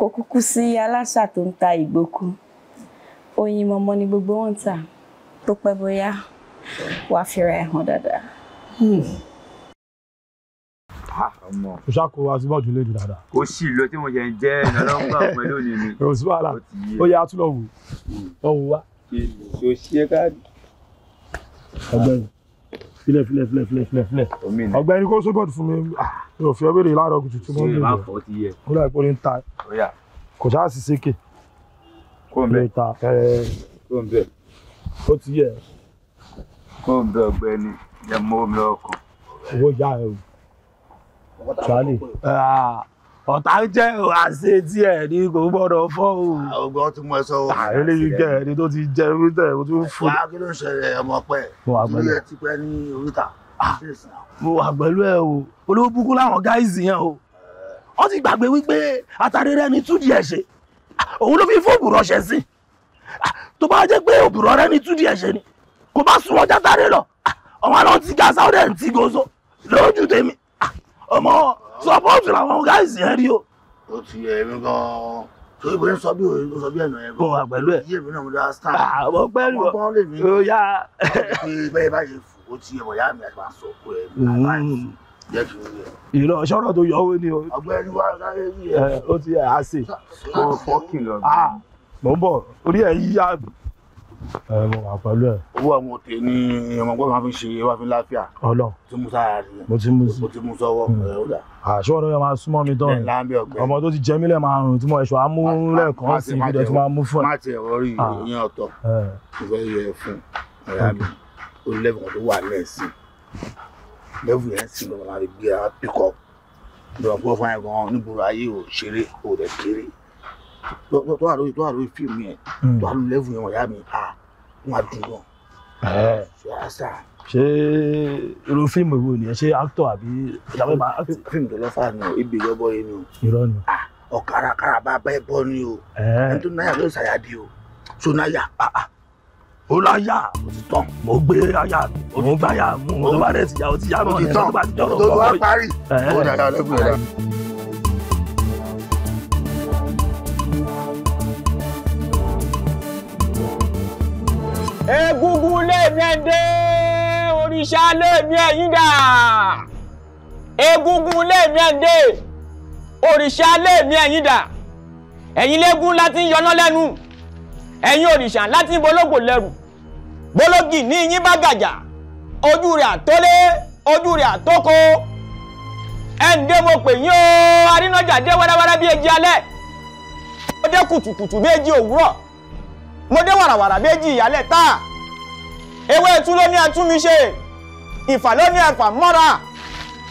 kò kúkú sí aláṣà tó ń ta ìgbókú oyin mọmọ ni gbogbo wọn ń tà tó pẹ́ bóyá wàá fira ẹ̀ hàn dáadáa. ọmọ kò ṣàkó asúbọ̀jù lè jù dáadáa. ó sì lọ tí mo jẹ ń jẹ ìrànlọ́gbà pẹ̀lú òní mi. kò wàhálà ó yẹ atúlọ̀ wò ó wò wá. kí ló ṣe ká. ọgbẹ́ni filẹ̀ filẹ̀ filẹ̀ filẹ̀ filẹ̀ filẹ̀ ọ̀gbẹ́ni kó sọgbọdù fún mi ah, mi ò fi ọ béèrè láàárọ̀ kùtùtù mọ mi rẹ ó dà ìpò ní ta kò sáà sì sékè kó n bẹ ta kó n bẹ ó ti yẹ kó n bẹ ọ̀gbẹ́ni yẹ mọ omi ọkàn owó yá ẹ o Charlie. Ah ọ̀tá jẹ́ àṣẹ tí ẹ̀ ní kò gbọ́dọ̀ fọ́ o. ọgbọ́n ah, tí mo sọ o. ààrẹ ah, lẹ́yìn jẹ́ ẹni tó ti jẹ oríta ẹ̀ o tún fún. wàá kí ló ń ṣẹlẹ̀ ọmọ pẹ́ ẹ̀ ilé ti pẹ́ ní oríta. Ah, mo wà pẹ̀lú ẹ o olówó búkú láwọn gáìsì yẹn o eh. wọ́n ti gbàgbé wípé àtàrí rẹ ni túdì ẹ̀ ṣe òun ló fi fún òbúrọ̀ ṣẹ̀ sí tó bá jẹ́ pé òbúrọ̀ rẹ ni túdì ẹ̀ ṣe ni kò bá sùn ọjà tàrí lọ ọmọ sọpọ́ọ̀tù làwọn gáàsì yẹn rí o. ó ti yẹ mi gan tó ìbò ń sọ bí òye ló sọ bí ẹ̀nà ẹ̀gbọ́n wa pẹ̀lú ẹ̀ mi náà mo dá star. àwọn pẹ́ẹ́lú ọ ọmọ lè mi. ó yá. bẹ́ẹ̀ báyìí ó ti yẹ bọ̀yá mi àti máa sọ pé hmm. ẹ̀ ìrọ̀ ṣọ́rọ̀ tó yọ owó ni o. ọgbẹ́ni wa láyé yìí. Eh, ó ti yẹ àṣẹ. ó fọ́ kìlọ̀. Ah, mo ń bọ̀ orí ẹ̀ yíyá mo wà pẹ̀lú ẹ̀. owó àwọn òtẹ ni ọmọgbọ́n máa fi ṣe wá fi láfíà. ọlọ tí mo sára rí. mo ti mú sí mo ti mú sọ́wọ́ hmm. ẹ ó dà. àṣọ ọdọ yẹn máa súnmọ́ mi tán. ọmọ tó ti jẹ mí lẹ máa rùn tí mo ẹṣọ amúlẹ̀kọ́ sí ibi tí mo máa mú fún ẹ. má tiẹ̀ wọrí ah. ìyẹn ọ̀tọ̀ mo fẹ́ yẹ fún ọ̀rẹ́ mi olùlẹ́bùn kan tó wà lẹ́sìn lẹ́bùn yẹn sì lọ́wọ́ máa fi gbé tó wà lórí tó wà lórí fíìmù yẹn hmm. tó wà lórí lẹ́fù yẹn wọ̀nyá mi à wọ́n á dùn gan. Eh. ṣe àṣà. ṣé irú fíìmù wo nìyẹn ṣé actor àbí ìdáwọ́ ìmọ̀ actor. fíìmù tó lọ fà nù ibi ìjọba yẹn ni o. irọ́ ni. ọ̀kadà kára bá bá ẹ bọ́ ni o. Eh. ẹni tó náyà ló ṣàyàdí o so náyà ó láyà ó ti tán mo gbé aya mi mo gbáyà mo lọ́wọ́ rẹ̀ ti yà ó ti yà náà ní ẹ̀ tó bá ti jọ̀rọ̀ kọ́ ọ́ yìí. tó bá parí eh. ó dàda lẹ́gbẹ̀ẹ́ rẹ̀. egungun lèmi ẹ̀ dé òrìṣà lèmi ẹ̀yìn dà egungun lèmi ẹ̀ dé lèmi ẹ̀yìn dà ẹ̀yin légún láti ń yọná lẹ́nu ẹ̀yin òrìṣà láti ń bológo lẹ́rù bológì ní yín bá gàjà ojú rẹ̀ àtólé ojú rẹ̀ ẹ̀ǹdé mo pè yín o arínájà dé wẹ́rẹ́wẹ́rẹ́ eji alẹ́ ó dé kùtùkùtù bí eji òwúrọ̀. mo dé wàràwàrà méjì ìyálẹ̀ tá ewé etú ló ní ẹtú mi ṣe ìfà ló ní ẹfà mọ́ra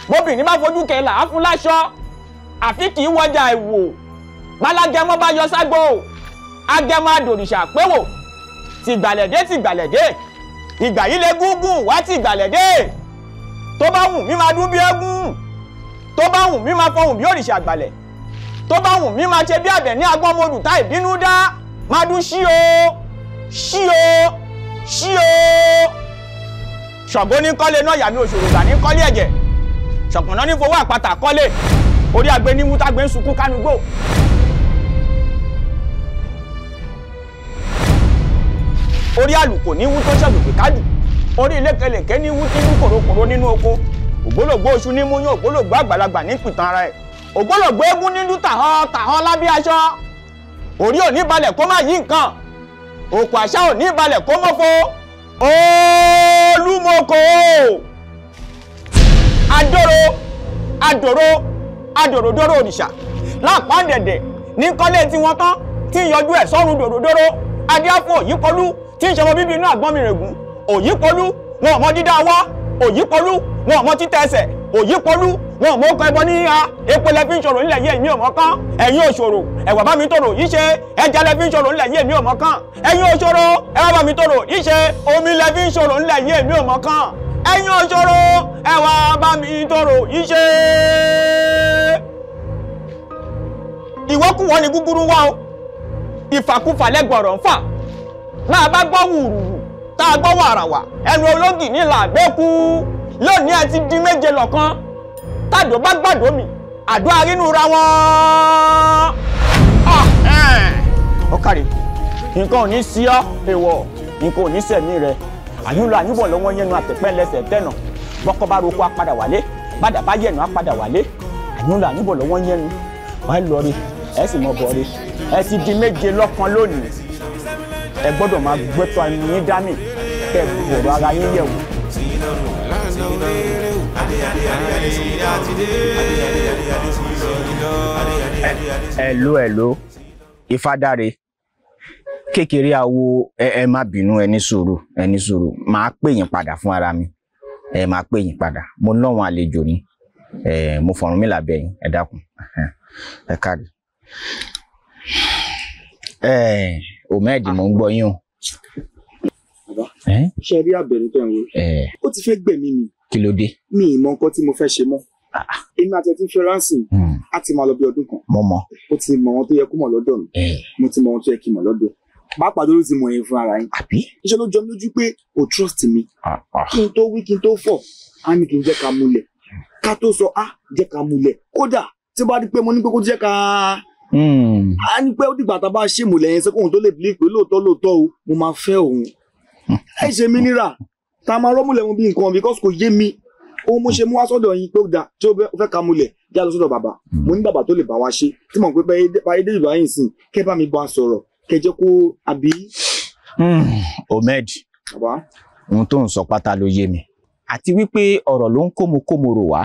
bóbìnrin bá fojú kẹlà á fún láṣọ àfi kì í wọjà ìwò bálágẹmọ bá yọ ságbo agẹmọ adòrìṣà péwò tìgbàlẹ̀dé tìgbàlẹ̀dé ìgbà yìí lè gúngùn wá tìgbàlẹ̀dé tó bá wù mí máa dún bí ẹgún tó bá wù mí máa fọhùn bí òrìṣà àgbàlẹ̀ tó bá wù mí máa ṣe bí àbẹ̀ ní agbọ́n tá ìbínú dá máa dún ṣí o ṣí o ṣí o ṣọ̀gbọ́n ní kọ́lé náà yàmi òṣòro gbà ní kọ́lé ẹ̀jẹ̀ ṣọ̀pọ̀nà ní fowó àpáta kọ́lé orí agbe ní mútàgbé ń sunkún kánúgbò. orí àlùkò ní wú tó ṣàgbègbè kájù orí ilékelèké ní wú tí wú kòrókòró nínú oko ògbólógbó oṣù ní múyán ògbólógbó àgbàlagbà ní pìtàn ara ẹ̀ ògbólógbó eégún ní dútà hàn lábẹ́ aṣọ. orí ò ní balẹ̀ kó má yí nǹkan òkú àṣà ò ní balẹ̀ kó mọ́fó olúmọkò adoro adoro adorodoro òrìṣà lápá dẹ̀dẹ̀ ní kọ́lé tí wọ́n tán tí ń yọjú ẹ̀ sọ́run dòdòdóró adíáfó òyípolú tí ń ṣọmọ bíbí inú àgbọ́n mi règùn òyípolú wọn ò mọ dídá wá òyípolú wọn ò mọ títẹ ẹsẹ̀ òyípolú wọn ò mọ ọkọ ẹbọ ní ha epo lẹ fi ń ṣòro nílẹ̀ yìí èmi ò mọ̀ kán òṣòro ẹ̀wà bá mi tòrò yìí ṣe ẹja lẹ fi ń ṣòro nílẹ̀ yìí èmi ò mọ̀ kán òṣòro ẹ̀wà bá mi tòrò yìí ṣe omi lẹ fi ń ṣòro nílẹ̀ yìí èmi ò mọ̀ kán òṣòro ẹ̀wà bá mi tòrò yìí ṣe. ìwọ́kùwọ́ ni gúgúrú wá o ìfàkúfà lẹ́gbọ̀rọ̀ ń fà láà bá gbọ́ wùrùwù tá a gbọ́ wàràwà ẹnu ológì ní làgbẹ́kú lónìí àti di méje lọ́kàn tàdó bá gbàdó mi àdó arínúra wọn. ọkàrẹ ah, eh. nǹkan ò ní sí ọ èèwọ̀ nǹkan ò ní sẹ̀mí rẹ àyùnlọ àyùbọ̀ lọ́wọ́ yẹnu àtẹ̀pẹ́ lẹ́sẹ̀ tẹ̀nà bọ́kọ́ bá roko apadà wálé bàdà bá yẹnu apadà wálé àyùnlọ àyùbọ̀ lọ́wọ́ yẹnu wọ́n lọ rí ẹ sì mọ bọ̀ rí ẹ ti di méje lọ́kàn lónìí ẹ gbọ́dọ̀ máa gbẹ́tọ̀ ẹnu yín dání kẹ́ ẹ gbọ́dọ̀ ara yín yẹ̀ wò ti ń lọ ẹ̀lú ẹ̀lú ìfádàre kékeré awo ẹ má bínú ẹ ní sùúrù ẹ ní sùúrù màá pè yín padà fún ara mi ẹ máa pè padà mo lọ́wọ́n àlejò ni mo fọ̀rùn mi làbẹ̀ yín ẹ dákun ẹ káàdì. Ahmed mo ń gbọ́ yín o ṣe rí àbẹ̀rẹ̀ tó ń wo ó ti fẹ́ gbẹ̀mí mi kí ló dé mi ì mọ nǹkan tí mo fẹ́ ṣe mọ́ ah. èmi àti ẹtí fẹ́ránsì á ti máa lọ bí ọdún kan mo mọ ó ti mọ ohun tó yẹ kó mọ̀ lọ́dọ̀ mi mo ti mọ ohun tó yẹ kí mọ̀ lọ́dọ̀ bá pàdé ló ti mọ̀ yẹn fún ara yín iṣẹ́ ló jọ mí lójú pé o trust mi ah, ah. kí n tó wí kí n tó fọ̀ á ní kí n jẹ́ ká múlẹ̀ ká tó sọ á jẹ́ ká múlẹ̀ kódà tí bá rí pé mo ní pé kó jẹ́ ká hmm. a ní pé ó dìgbà tá a bá ṣèmùlẹ̀ yẹn sẹ́kọ̀ọ́ tó lè bí pé lóòótọ́ lóòótọ́ o mo máa fẹ́ òun ẹ ṣe mí níra tá a máa mu bí nǹkan because kò yé mi ohun mo ṣe mú wá sọ́dọ̀ yín pé da tí ó fẹ́ ka mulẹ̀ yá lọ sọ́dọ̀ bàbá mo ní bàbá tó lè bá wa ṣe tí mo ń pè pé ayédè ìbá sìn kẹ́ bá mi bá a sọ̀rọ̀ kẹ́ jẹ́ kó àbí. Ahmed hmm, ohun tó ń sọ pátá ló yé mi àti wípé ọ̀rọ̀ ló ń kómokómoro wá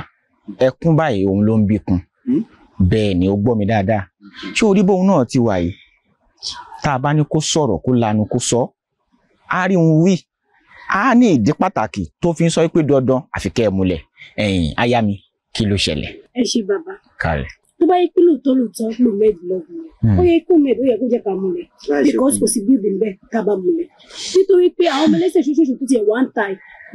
ẹkún báyìí òun ló ń bíkun hmm? bẹ́ẹ̀ ni ó gbọ́ mi dáadáa ṣé orí bóun náà ti wà yìí tá a bá ní kó sọ̀rọ̀ kó lanu kó sọ á rí òun wí á ní ìdí pàtàkì tó fi ń sọ pé dandan àfi kẹ́ ẹ múlẹ̀ ẹ̀yìn aya mi kí ló ṣẹlẹ̀. ẹ ṣe bàbá kárẹ̀ tó bá yẹ kí lóòótọ́ lóòótọ́ lò mẹ́ẹ̀dínlógún rẹ̀ ó yẹ kó mẹ́ẹ̀dínlógún yẹ kó jẹ́ ká múlẹ̀ because kò sí bíbí bẹ́ẹ̀ ká bá múlẹ̀ nítorí pé àwọn ọmọ ẹlẹ́sẹ̀ ṣoṣooṣù tó tiẹ̀ wá ń ta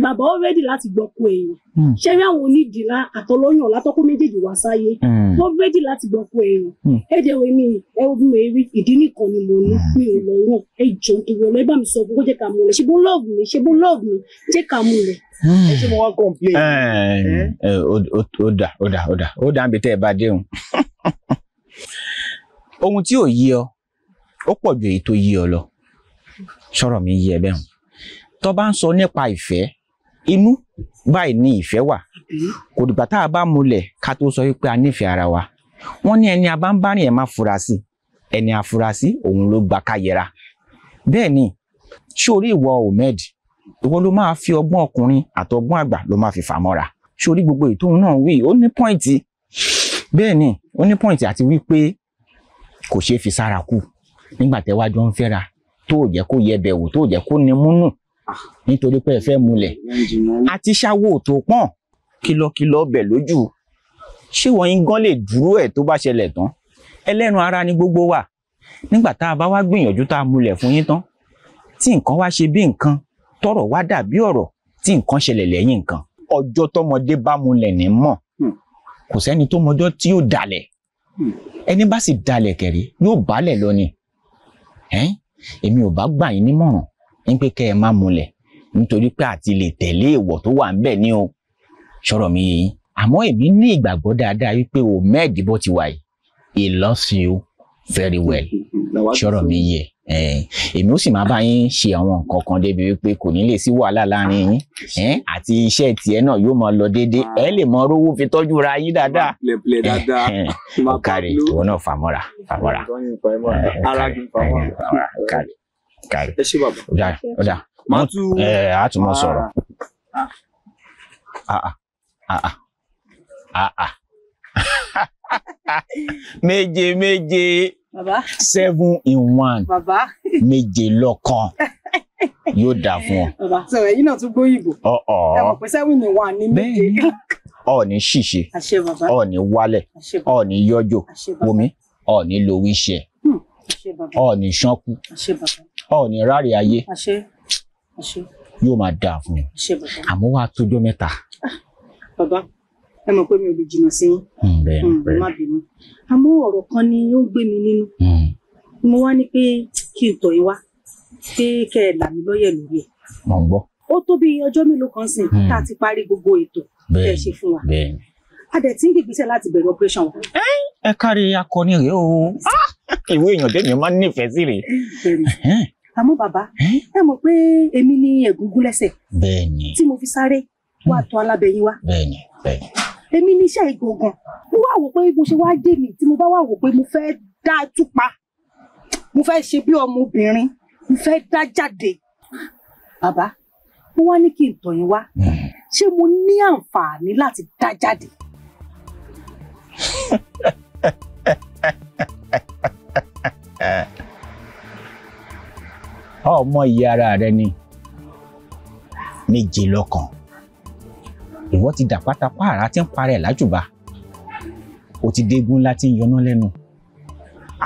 bàbá ó rẹ́dì láti gbọ́kọ èèyàn hmm. ṣẹ́rí àwọn onídìílá àtọlọ́yàn látọ́kọ́ méjèèjì wá sáyé hmm. wọ́n rẹ́dì láti gbọ́kọ èèyàn ẹ̀jẹ̀ hmm. wo mi ẹ ojú mi rí ìdí nìkan ni mo ní mi ò lọ́rùn ẹ jọ̀ọ́ tó wọlé bá mi sọ fún kó jẹ́ ká múlẹ̀ ṣe bó lọ́ọ̀gù mi ṣe bó lọ́ọ̀gù mi jẹ́ ká múlẹ̀. ẹ ṣe mo wá complain. ó eh, eh, dà ó dà ó dà ó dà níbi tẹ́ ẹ bá dé o, *laughs* ohun tí ò yí ọ ó pọ̀ ju èyí tó yí ọ bá ń sọ nípa ìfẹ́ inú báyìí ni ìfẹ́ wà mm-hmm. kò dìgbà tá a bá múlẹ̀ ká tó sọ pé a nífẹ̀ẹ́ ara wa wọ́n ní ẹni abámbárìn ẹ̀ má fura sí ẹni afurasí òun ló gba káyẹra bẹ́ẹ̀ ni sórí ìwọ Ahmed ìwọ ló máa fi ọgbọ́n ọkùnrin àtọgbọ́n àgbà ló máa fi fà mọ́ra sórí gbogbo ètò náà wí ó ní pọ́ìntì bẹ́ẹ̀ ni ó ní pọ́ìntì àti wípé kò ṣeé fi sára kù nígbà tẹ́wájú ń fẹ́ra tó jẹ́ kó yẹ bẹ̀wò tó jẹ́ kó ní múnú nítorí pé ẹ fẹ́ múlẹ̀ àti ṣáwó tó pọ̀n kìlọ̀kìlọ̀ ọbẹ̀ lójú ṣé wọ́n yín gan lè dúró ẹ̀ tó bá ṣẹlẹ̀ tán ẹlẹ́ran ara ni gbogbo wa nígbà tá a bá wá gbìyànjú tá a múlẹ̀ fún yín tán tí nǹkan wá ṣe bí nǹkan tọ́rọ̀ wá dàbí ọ̀rọ̀ tí nǹkan ṣẹlẹ̀ lẹ́yìn nǹkan ọjọ́ tọmọdé bá múlẹ̀ ní mọ̀ hmm. kò sẹ́ni tó mọjọ́ tí yóò dalẹ̀ hmm. ẹni bá sì dalẹ̀ kẹ̀rí yóò bálẹ̀ lọ ni èmi ò bá gbà yín nímọ̀ràn ń pé kẹ́ ẹ má múlẹ̀ nítorí pé àti lè tẹ̀lé èèwọ̀ tó wà ńbẹ̀ ni o ṣọ̀rọ̀ mi yìí àmọ́ èmi ní ìgbàgbọ́ dáadáa wípé o mẹ́ẹ̀dì bó ti wà yìí he loves you very well ṣọ̀rọ̀ mi yẹ èmi ó sì máa bá yín ṣe àwọn nǹkan kan débi wípé kò ní lè sí wàhálà láàrin yín àti iṣẹ́ tiẹ̀ náà yóò máa lọ déédé ẹ lè mọ rówó fi tọ́jú ra yín dáadáa ó kárẹ̀ ìwọ náà fàmọ́ra fàmọ́ra ó kárẹ̀ ó kárẹ̀ kárí ọjà ọjà ẹ á tún mọ ah. sọ̀rọ̀ ah, ah. *laughs* méje méje seven in one méje lọ́kàn yóò dáa fún ọ. bàbá sọ ẹ̀yin náà tún gbóyìnbó. ọ ọ ẹ mọ̀ pé sẹ́wìn ni wà ní méje. ọ ní ṣìṣe ọ ní wálẹ̀ ọ ní yọjò omi ọ ní lowí ṣe hmm. ọ ní ṣánkú ọ̀ ní ráre ayé yóò máa dáa fún un àmọ́ wàá tójọ́ mẹ́ta. Ah, bàbá ẹ mọ̀ pé mi ò lè jìnnà sí yín hmm, hmm, má bínú àmọ́ ọ̀rọ̀ kan ni ó ń gbé mi nínú hmm. mo wá ní pé kí n tọ̀ yín wá pé kẹ́ ẹ là mí lọ́yẹ̀ lórí ẹ̀. mo ń gbọ́. ó tó bí ọjọ́ mélòó kan sìn tá a ti parí gbogbo ètò tẹ́ ẹ ṣe fún wa a dẹ̀ ti ń gbègbèsẹ̀ láti bẹ̀rẹ̀ operation wa. ẹ kárí akọni rèé o ah, ìwé èèyàn dẹ́yìn máa ń nífẹ̀ẹ́ sí rèé àmọ́ bàbá ẹ mọ̀ pé èmi ni ẹ̀gúngún lẹ́sẹ̀ bẹ́ẹ̀ni tí mo fi sáré wá tọ́ alábẹ̀yìn wá bẹ́ẹ̀ni bẹ́ẹ̀ni èmi ni iṣẹ́ ìgangan mo wá wò pé mo ṣe wá dé mi tí mo bá wá wò pé mo fẹ́ dá túpa mo fẹ́ ṣe bí ọmọbìnrin mo fẹ́ dá jáde bàbá mo wá ní kí n tọ̀ yín wá hmm. ṣé mo ní àǹfààní láti dá jáde. *laughs* ọmọ ìyá ara rẹ ni méje lọ́kàn ìwọ ti dà pátápá àrà tí ń parẹ́ lájùbà o ti dégun ńlá tí ń yọná lẹ́nu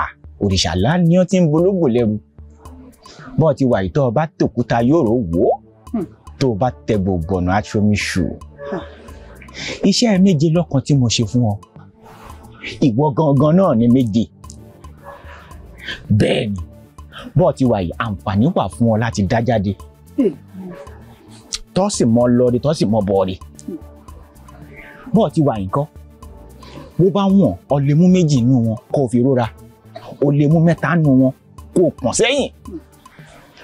à òrìṣà ńlá ni ó ti ń bológbò lẹ́rù bọ́ ọ ti wà ìtọ́ ọba tòkúta yòrò wò ó tó o bá hmm. tẹ gbọ̀nà aṣomiṣù hmm. iṣẹ́ méje lọ́kàn tí mo ṣe fún ọ ìwọ gangan náà ni méje bẹ́ẹ̀ ni bọ́ọ̀ ti wà yìí àǹfààní wà fún ọ láti dá jáde tọ́ sì mọ lọ́ọ̀rì tọ́ sì mọ bọ̀ọ̀rì bọ́ọ̀ ti wà yìí kọ́ bó bá wọ̀n ọ lè mú méjì nù wọn kó o fi rọra o lè mú mẹ́ta nù wọn kó o pọ̀n sẹ́yìn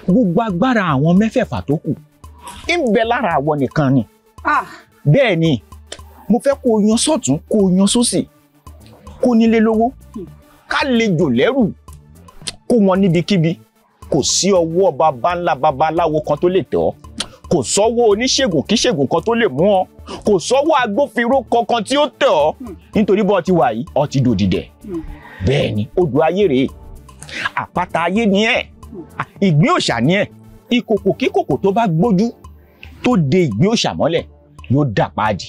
gbogbo agbára àwọn mẹ́fẹ̀ẹ̀fà tó kù ń bẹ lára àwọn nìkan ni bẹ́ẹ̀ ni mo fẹ́ kó o yan sọ́tún kó o yan sósì kó nílé lówó ká lè jò lẹ́rù kó wọn níbikíbi kò sí ọwọ́ baba ńlá babaláwo kan tó lè tẹ̀ ọ́ kò sọ́wọ́ oníṣègùn kíṣègùn kan tó lè mú ọ kò sọ́wọ́ agbófinró kankan tí ó tẹ̀ ọ́ hmm. nítorí bó ti wà yìí ọ ti dòdìdẹ̀ hmm. bẹ́ẹ̀ ni odò ayé rèé àpáta ayé ni ẹ̀ hmm. ìgbín òòṣà ni ẹ̀ ìkòkò kíkòkò tó bá gbójú tó de ìgbín òòṣà mọ́lẹ̀ yóò dàpáàdì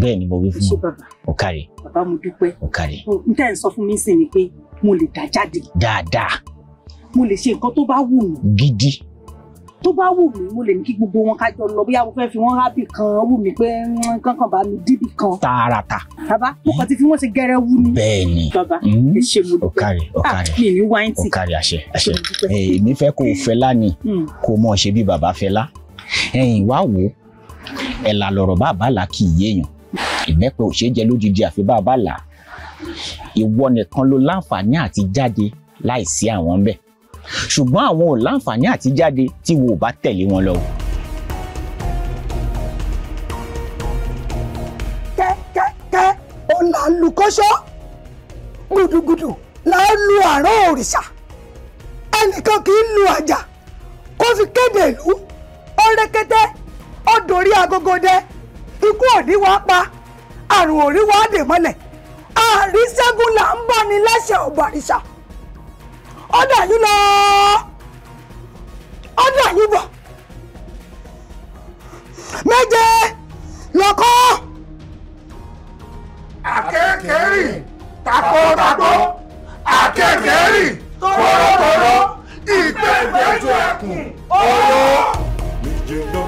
bẹ́ẹ̀ ni mo wí fún ọ ọ̀kàrẹ̀. bàbá mo dúpẹ́ ọ̀kàrẹ̀. n tẹ́ ń sọ fún mi sí ni pé mo lè dá jáde. dáadáa. mo lè ṣe nǹkan tó bá wù mí. gidi. tó bá wù mí mo lè ní kí gbogbo wọn kájọ lọ bóyá mo fẹ́ fi wọ́n hábì kan wù mí pé kankan bá mi díbì kan. tààràtà. bàbá mo kàn ti fi wọ́n ṣe gẹ́rẹ́ wù mí. bẹ́ẹ̀ni bàbá hmm. ẹ ṣe mo dúpẹ́ ọ̀kàrẹ̀ ah, ọ̀kàrẹ̀ mi ní wáyé tì. ọ̀kàrẹ̀ àṣẹ àṣẹ èmi fẹ́ kó o hmm. fẹ́lá ni hmm. kó o mọ̀ ṣe bí bàbá fẹ́lá ẹ̀yìn wá wò ó ẹ̀là lọ̀rọ̀ bàbá là ìbẹ́pẹ ò ṣeé jẹ lódidi àfi bá a bá là á ìwọ nìkan ló láǹfààní àti jáde láìsí àwọn ń bẹ ṣùgbọ́n àwọn ò láǹfààní àti jáde tí wo ò bá tẹ̀lé wọn lọ. kẹ́kẹ́kẹ́ ó là ń lu kọ́ṣọ́ gudugudu là ń lu àárọ̀ òrìṣà ẹnìkan kì í lu àjà kó fi kéde ìlú ó rẹ́kẹ́tẹ́ ó dorí agogo dẹ́ ikú òní wá pa àrùn òrí wá dè mọ́lẹ̀ àríṣẹ́gun là ń bọ̀ ní láṣẹ ọ̀bọ̀ àríṣà ọ̀dà yìí lọ ọ̀dà yìí bọ̀ méje lọ́kọ́. akékerì takotako akékerì tòrótòró ìgbẹ́gbẹ́jọ ẹkùn ọ̀rọ̀.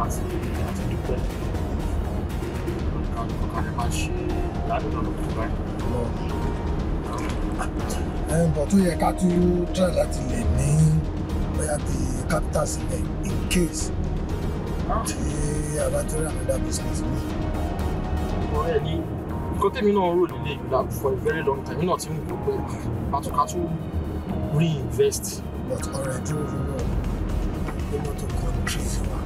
fásilẹ̀ àti dúpẹ́ nǹkan kan lè máa ṣe ìdádúró lókè báyìí. ẹnbọ̀ tó yẹ ká tún try láti lè ní bóyá bí capital sílẹ̀ in case tí a bá tẹ́lẹ̀ another business mi. ọ̀rẹ́ ni nǹkan tèmi náà rò nílé ìgbà for a very long time náà ti ń wò pé kátúkátú reinvest. but ọ̀rẹ́ dúró dúró ó mọ́tò kan trees wa.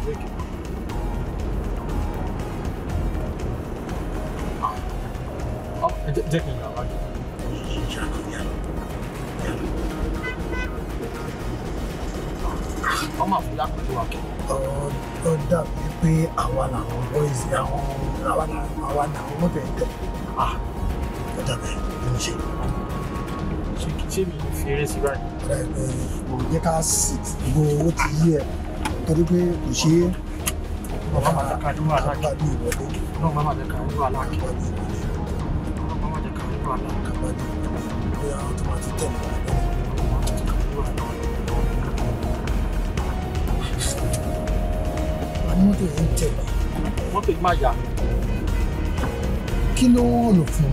Atlantic. Oh, Dickman got lucky. ọmọ àfúlá pẹ̀lú wa kí. ó dàbí pé àwa làwọn boys àwọn àwa làwọn àwa làwọn mọ̀tẹ̀ tẹ̀. ó dàbí ẹni ṣe. ṣé mi fi eré sí báyìí. ẹ ẹ kò jẹ́ ká sì gbowó ti yí ẹ̀ torí pé kò ṣe é. ọba máa jẹ́ka irú aláàkì ọba máa jẹ́ka irú aláàkì ọba máa jẹ́ka irú aláàkì bóyá ó ti máa ti tẹ̀ mọ́ mọ́tò yìí ń tẹ̀lé. mọ́tò yìí máa yà. kí ló ń lò fún?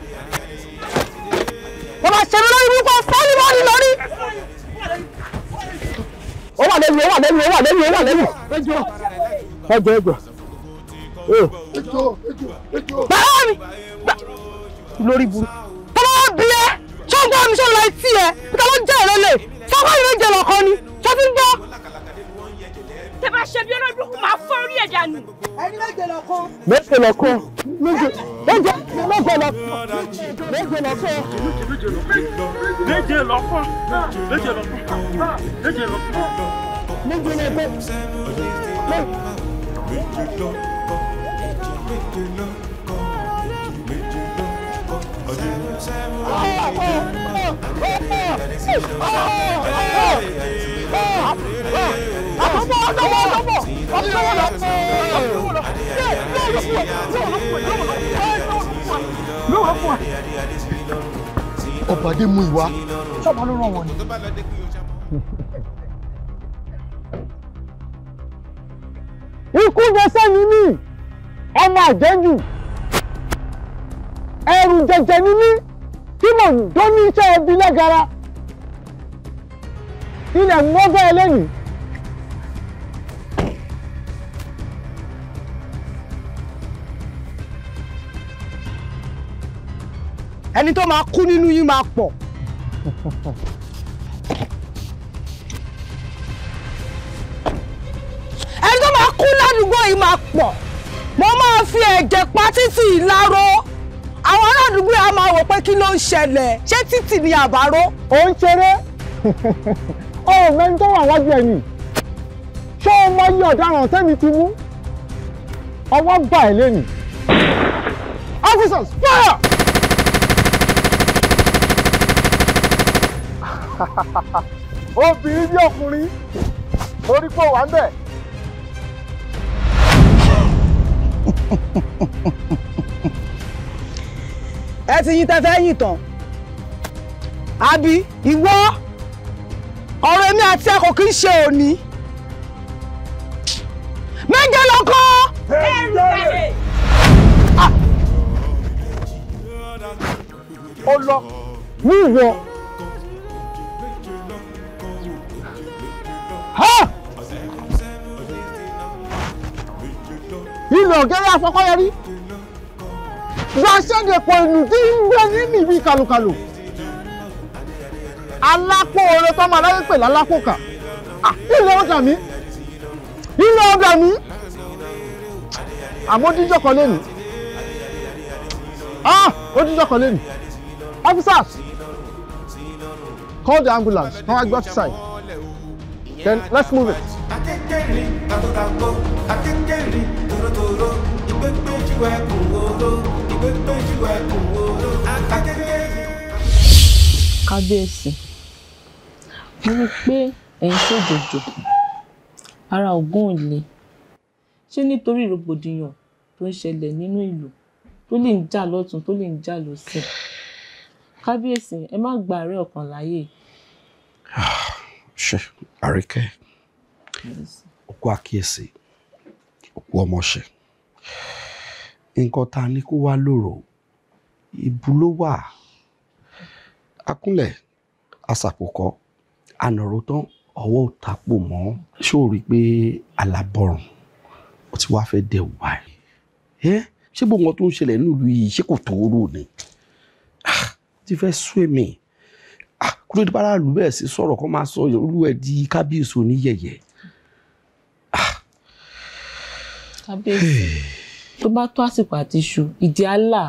lẹ́nu ó wà lẹ́nu ó wà lẹ́nu ó wà lẹ́nu. ẹjọ ẹjọ ẹjọ. bàbá mi lórí burú. bàbá wa bí ẹ ṣé ó ń gbọ́ mi ṣé ó ń lọ etí ẹ níta ló ń jẹ́ ìrẹ́lẹ̀ sábà yìí ló ń jẹ lọ́kọ ni ṣé ti ń gbọ́. tẹ bá ṣe bí ọlọ́dún kò máa fọ́ orí ẹ̀dá nù. ẹni méje lọ́kọ. méje lọ́kọ méje méje méje lọ́kọ méje lọ́kọ. méje lọ́kọ méje lọ́kọ méje lọ́kọ méje lè kó. ọ̀pàdé mú ìwà ṣọ́ọ̀bù ló ràn wọ́n ni. *laughs* ikú gbèsè ni mí ọmọ àjẹjù ẹrù jẹjẹ ni mí tí mò ń dó ní iṣẹ́ ẹbí lẹ́gara ilẹ̀ mọ́gbẹ́ ẹlẹ́nìí. ẹni tó máa kú nínú yín máa pọ̀. *laughs* kú ládùúgbò yìí máa pọ̀ mo máa fi ẹ̀jẹ̀ pa títì ìlàró àwọn aládùúgbò yà máa wò pé kí ló ń ṣẹlẹ̀ ṣé títì ni àbárò. ò ń ṣeré o ò mẹ́ni tó wà wájú ẹ̀yìn ṣé o mọ iye ọ̀daràn tẹ́mi ti mú ọwọ́ gbà ẹ̀ lẹ́nu. officers fire. *laughs* obìnrin bí ọkùnrin torí pé wà ń bẹ̀. ẹ ti yín tẹ́fẹ́ yìn tán àbí ìwọ ọ̀rọ̀ èmi àti ẹ kò kí ń ṣe òní méje lọkọ. ó lọ wúwo. Ha! lílo ọ̀gẹ́rẹ́ afọ́kọ́yẹrí wá ṣẹ́dẹ̀pọ̀ ìlú tí ń gbé nínú ibi kàlùkàlù alápò oore tọ́mọ aláyé pè lálápò kà ilé ọ̀dà mi ilé ọ̀dà mi àmọ́ díjọ́ kan lé Ah, ó díjọ́ kan lé ní officers call the ambulance kan wá gbé ọ́fíìsà Then yeah, let's move it. Kábíyèsí, mo rí pé ẹ̀yin tó ara ògùn ò le. Ṣé nítorí rògbòdìyàn tó ń ṣẹlẹ̀ nínú ìlú tó lè ń jà lọ́tún tó lè ń jà lọ́sì? Kábíyèsí, ẹ má gba àárẹ̀ ọkàn láyè. Ah, Àríkẹ́ ó kú àkíyèsí ó kú ọmọṣẹ́ nǹkan tá a ní kó wá lòrò ìbú ló wà akúnlẹ̀ asàpòkọ́ ànàró tán ọwọ́ ò tapò mọ́ ṣó o rí pé alábọ̀rùn ó ti wá fẹ́ dẹ̀ wá ẹ̀ ṣé gbogbo nǹkan tó ń ṣẹlẹ̀ nílùú yìí ṣé kò tó rò ni ah, ti fẹ́ sú kó ló dé bára lù bẹ́ẹ̀ sí sọ̀rọ̀ kó máa sọ olúwa ẹ̀ di kábíyèsí oníyẹ̀yẹ̀. kábíyèsí tó bá tó àsìkò àti iṣu ìdí àlà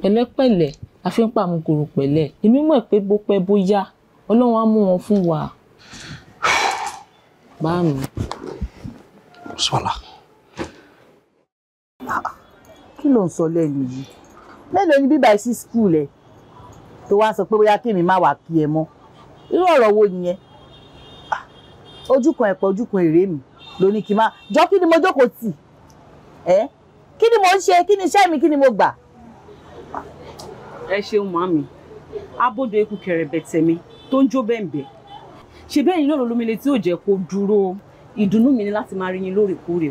pẹ̀lẹ́pẹ̀lẹ́ àfi ń pàmò kòrò pẹ̀lẹ́ èmi mọ̀ pé bó pẹ́ bó yá ọlọ́run á mú wọn fún wa. bá mi. sọlá. kí ló ń sọ lẹ́nu yìí mélòó ni bíbá ẹ sí skul ẹ̀ tó wá sọ pé bóyá kí èmi má wàá kí ẹ mọ́ irú ọ̀rọ̀ wo nìyẹn ah, ojú kan ẹ̀pọ̀ ojú kan èrè mi ló ní kí n má jọ kí ni mo jókòó tì ẹ́ kí ni mo ń ṣe kí ni iṣẹ́ mi kí ni mo gbà. ẹ ṣeun màmí abódo eku kẹrẹbẹ tẹmí tó ń jó bẹ́ẹ̀nbẹ́ ṣe bẹ́ẹ̀ yín náà ló lómi létí ò jẹ́ kó dúró ìdùnnú mi ni láti máa rí yín lóòrèkóòrè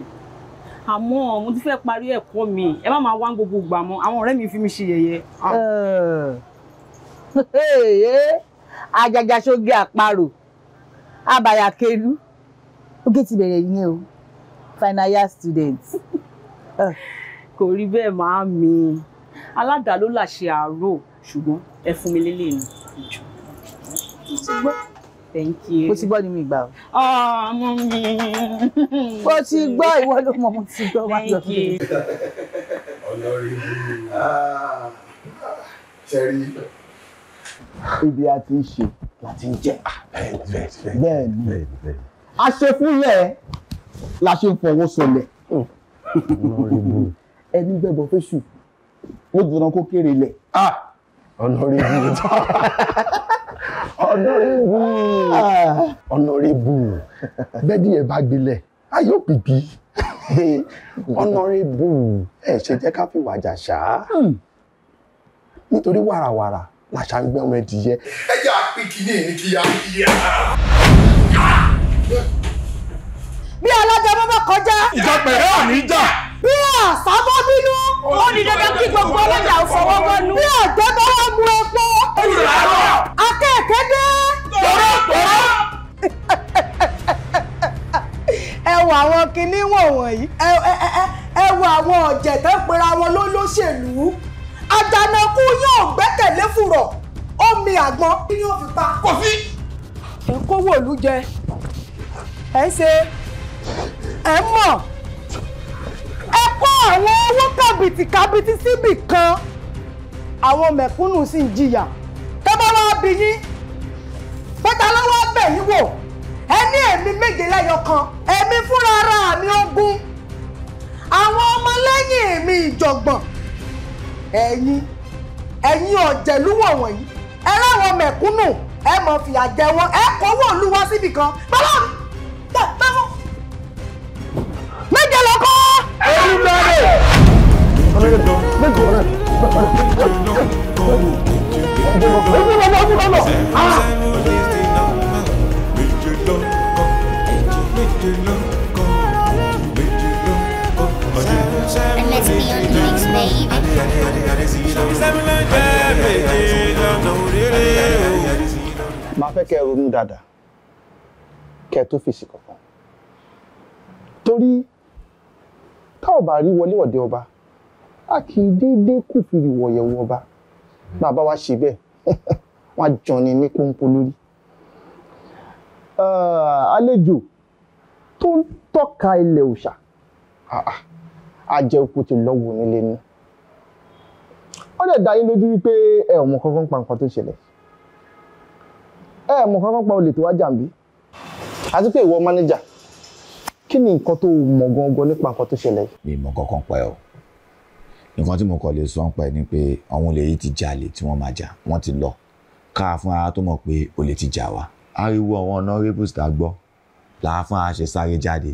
àmọ́ mo ti fẹ́ parí ẹ̀kọ́ mi ẹ má máa wá gbogbo gbà mọ́ àwọn ọ̀rẹ́ mi fi mi ṣe yẹ̀yẹ́. Ah àjàjà eh? ṣoge àparò abàyà kelu oge ti bẹ̀rẹ̀ yẹn o final year student. *laughs* kò rí bẹ́ẹ̀ máa mi aládàá ló làṣẹ àárò ṣùgbọ́n ẹ fún mi lélẹ̀ nù. Thank you. Mo ti gbọ́ ni mi gbà o. Ọmọ ah, mi. Mo ti gbọ́ ìwọ ló mọ̀ mo ti gbọ́ wá lọ. *laughs* Ọlọ́rin. Ah, Ṣẹ́rí ibi a ti ń ṣe la ti ń jẹ ah, bẹ́ẹ̀ a ṣe fúnlẹ̀ la ṣe ń fọwọ́ sọlẹ̀ hmm. *laughs* ẹni gbẹ̀bọ̀ fẹ́ṣù ó dùnà kó kéré lẹ̀. ọ̀nàrẹ́bù ọ̀nàrẹ́bù ọ̀nàrẹ́bù bẹ́ẹ̀ni ẹ̀ bá gbilẹ̀ ayọ̀ pìpì ọ̀nàrẹ́bù *laughs* ẹ̀ ṣe jẹ́ ká fi wàjà ṣá hmm. nítorí wàràwàrà làṣà ń gbé ọmọ ẹdì yẹ. ẹ jẹ́ àpèkìní ní kí á yẹ. bí alájà bábà kọjá. ìjà pẹ̀lẹ́ ò ní jà. bí àsábọ́ bínú. ó ní dandan kí gbogbo ọlọ́jà ò fọwọ́ gbọ́nú. bí àjọ bá wà mú epo. olùrànlọ́. akẹ́kẹ́ dé. tòró tòró. ẹ wọ àwọn kinní wọ̀nyí ẹ wọ àwọn ọ̀jẹ̀ tó ń pera wọn lólóṣèlú àjànàkú yóò gbẹ́kẹ̀lé fùrọ̀ omi àgbọn kí ni ó fi pa. kò sí. ẹ kówó òlu jẹ ẹ ṣe ẹ mọ̀ ẹ kó àwọn owó kàbìtì kàbìtì síbì kan àwọn mẹ̀kúnnù sì ń jìyà tó bá wá bí yín pátá ló wá bẹ̀ yín wò ẹ ní èmi méje lẹ́yọ kan èmi fúnra ara mi ogún àwọn ọmọlẹ́yìn mi ìjọ̀gbọ̀n ẹ̀yin ẹ̀yin ọ̀jẹ̀lúwọ̀ wọ̀nyí ẹ ráwọn mẹ̀kúnnù ẹ mọ̀ fi jẹ wọn ẹ kọ́wọ́ olúwa síbì kan bàbá bàbá méje lọkọ. ẹ̀yin lọ́rẹ̀. Ah! and let's be on the mix, baby. Màá fẹ́ kẹ́ ronú dáadáa, kẹ́ tó fèsì kankan. Torí tá ò bá rí wọlé ọ̀dẹ ọba, a kì í déédéé kù fìrì wọ̀yẹ̀wò ọba. Bàbá wa ṣe bẹ́ẹ̀, *laughs* wọ́n á jọ ni ní kóńpó lórí. Àlejò tó ń tọ́ka ilẹ̀ òòṣà. Ah, ah ajẹ́kù ti lọ́wọ́ nílé ni ó dẹ̀ dá yín lójú wípé ẹ ò mọ kankan pa nǹkan tó ṣẹlẹ̀ ẹ ò mọ kankan pa olè tó wá jàǹbí àti pé ìwọ mánéjà kí ni nǹkan tó mọ̀ gangan nípa nǹkan tó ṣẹlẹ̀ yìí. mi ò mọ kankan pa ẹ o nǹkan tí mo kọ lè sọ ń pa ẹ ni pé àwọn olè yìí ti jalè tí wọ́n máa jà wọ́n ti lọ káà fún ara tó mọ̀ pé olè ti jà wá ariwo àwọn honourable star gbọ́ làá fún ara ṣe sáré jáde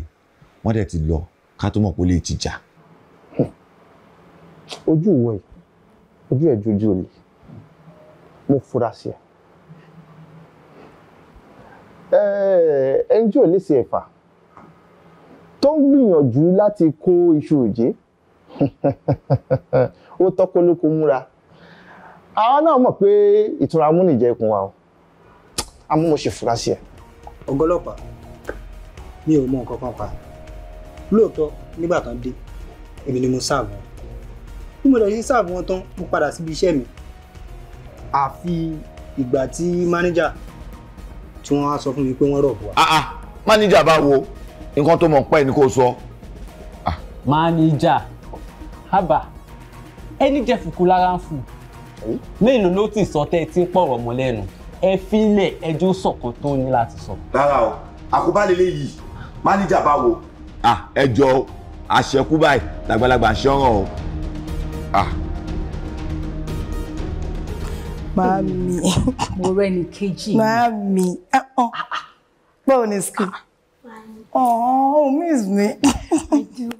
wọ́n dẹ̀ ti lọ ká tó mọ̀ pé olè ti jà ojú ìwọ yìí ojú ẹ̀ jojú olè mo fura sí ẹ ẹni tí ò lè ṣe ẹ̀fà tó ń gbìyànjú láti kó iṣu òjé *laughs* ó tọ́kọ́ lóko múra àwa náà mọ̀ pé ìtura amúnìjẹ́ ikùn wa o àmọ́ mo ṣe fura sí ẹ. ọgọlọpàá mi ò mọ nǹkan kan pa lóòótọ́ nígbà kan dé èmi ni mo sáàbù bí mo lọ sí sáàbù wọn tán mo padà síbi iṣẹ́ mi àfi ìgbà tí mánéjà tí wọ́n á sọ fún mi pé wọ́n rọ̀ wá. ah ah mánéjà bá wo nǹkan tó mọ̀ pẹ́ ni kò sọ. Ah. mánéjà haba ẹni jẹ́ fùkú lára ń fù mélòó ló ti sọ tẹ́ ẹ ti ń pọ̀rọ̀ mọ́ lẹ́nu ẹ fílẹ̀ ẹjọ́ sọ̀kan tó ní láti sọ. rárá o àkóbá lélẹ́yìí mánéjà bá wo. ah ẹjọ́ àṣẹkú báyìí làgbàlagbà ṣọ́ràn o ah. Mami. Mo rẹ́ ni kejì. Mami. Eh, oh. ah, ah. Báwo ni school? Ah, oh, oh, miss me. I *laughs* do.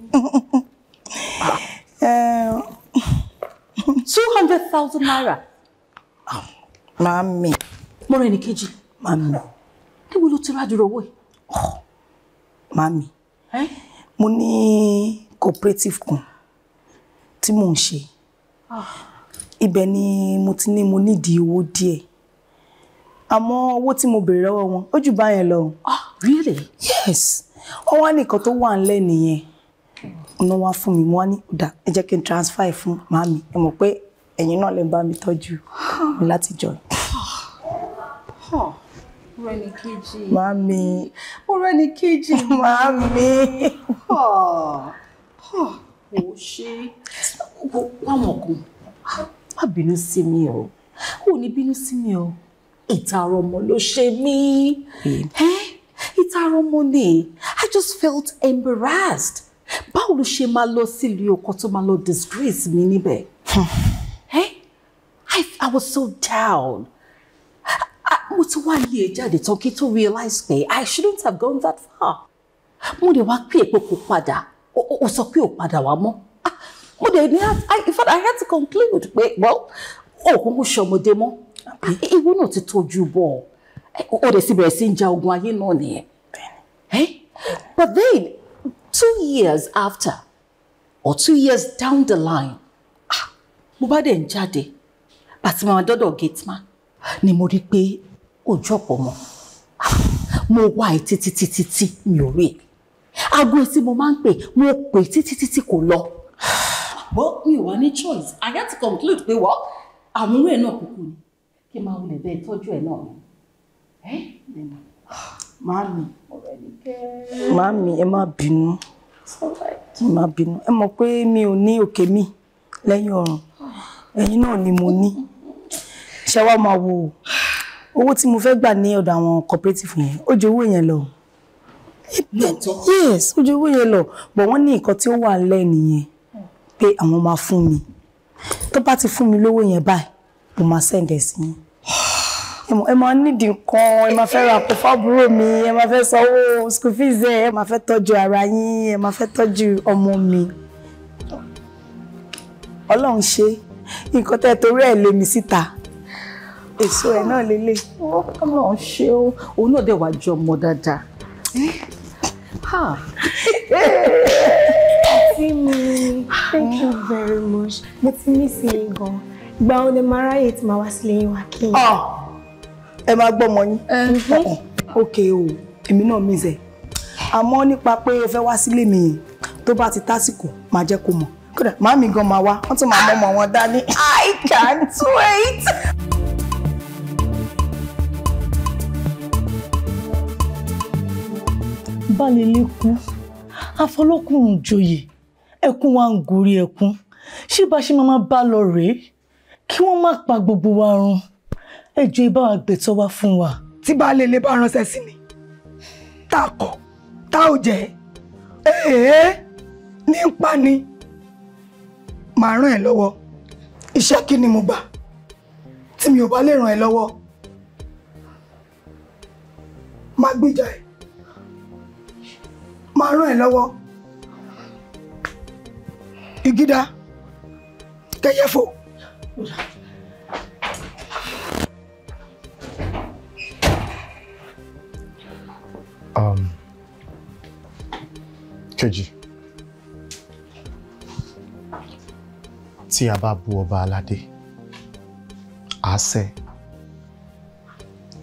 Eh, two hundred thousand naira. Oh. Mami. Mo rẹ́ ni kejì. Mami. Níbo ló ti rájú owó yìí? Mami. Eh? Mo ní cooperative kan tí mò ń ṣe ibẹ̀ ni mo ti ní mo nídìí owó díẹ̀ àmọ́ owó tí mo béèrè lọ́wọ́ wọn ó jù báyẹn lọ. Ah, really. yes wọ́n wá nìkan tó wà ńlẹ̀ nìyẹn ọ̀nà wá fún mi mo wá ní ọ̀dà ẹ jẹ́ kí n transfer ẹ̀ fún màmí ẹ mọ̀ pé ẹ̀yin náà lè bá mi tọ́jú mi láti jọ. Ọ̀rẹ́ni kejì. Màmí. Ọ̀rẹ́ni kejì. Màmí kò ṣe wàwọn kan má bínú sí mi o ò ní bínú sí mi o ìtara ọmọ ló ṣe mí ìtara ọmọ ni I just felt embarrassed báwo ló ṣe máa lọ sílùú ọkọ tó máa lọ disgrace mi níbẹ̀ hmm. I, I was so down mo ti wá lé e jáde tán kí tó realize pé I shouldn't have gone that far mo lè wá pé èpo kò padà ó sọ pé ò padà wá mọ́ ah, mo dẹ̀ ní in fact I had to conclude pé well òkùnkùn ṣọmọdé mọ́ ìwọ náà ti tójú bọ̀ ó dẹ̀ sì bẹ̀rẹ̀ sí ń ja ogun ayé náà nìyẹn but then two years after or two years down the line ah, mo bá dẹ̀ ń jáde bàtí màmá dọ́dọ̀ gate man ni mo rí pé ojú ọ̀pọ̀ mọ́ ah, mo wá ẹ títí títí tí mi ò rí ẹ aago etí mo máa ń pè mo pè títí títí kò lọ. bọ́ mi ò wá ní choice i had to conclude pé wọ́n àmúrò ẹ̀ náà kúkú ni kí n máa wulẹ̀ bẹ́ẹ̀ tọ́jú ẹ̀ náà ni. Màámi, màámi ẹ má bínú, ẹ má bínú, ẹ mọ̀ pé mi ò ní òkè mi lẹ́yìn ọ̀run, ẹ̀yin náà ni mo ní. Ṣé wàá máa wo owó tí mo fẹ́ gbà ní ọ̀dọ̀ àwọn cooperative yẹn, ó ju owó yẹn lọ lóòótọ́. yes ó ju owó yẹn lọ but wọ́n ní nǹkan tí ó wà lẹ́ nìyẹn pé àwọn máa fún mi tó bá ti fún mi lówó yẹn báyìí mo máa sẹ́ǹdẹ̀ sí yín ẹ máa nídi nǹkan ẹ máa fẹ́ ra àpò mi ẹ máa fẹ́ sanwó school fees ẹ ẹ máa fẹ́ tọ́jú ara yín ẹ máa fẹ́ tọ́jú ọmọ mi ọlọ́run ṣe nǹkan tẹ́ torí ẹ̀ lé mi síta èso ẹ̀ náà lélẹ̀. ọlọ́run ṣe ó òun náà dẹ̀ wá jọ ọmọ dáadáa eh? Àti mi, thank you very much. But ti mí sí i gan. Ìgbà wo ni màá ráyè tí màá wá sílé yín wá kí n? Ah, ẹ máa gbọ́ ọmọ yín. Ok o, èmi náà mí zẹ̀. Àmọ́ nípa pé o fẹ́ wá sílé mi yìí, tó ti tásìkò, màá jẹ́ kó mọ̀. Kódà, màá mi gan máa wá, wọ́n tún máa mọ́ ọmọ wọn dání. I can't wait. abálélé kú afọlọ́kùn ń joyè ẹkún wa ń gorí ẹkún ṣé bá ṣe máa bá lọ rèé kí wọ́n má pa gbogbo wa run ẹjọ́ ibà wa gbẹ̀tọ́ wá fún wa. tí baálé ilé bá ránṣẹ́ sí ni tá a kọ̀ tá ò jẹ́ èèé ní pa ni màá ràn ẹ́ lọ́wọ́ iṣẹ́ kí ni mo gbà tí mi ò bá lè ràn ẹ́ lọ́wọ́ máa gbìjà ẹ̀ máa ràn ẹ́ lọ́wọ́ ìgídá kẹyẹfò. Um, kejì tí a bá bu ọba aládé àṣẹ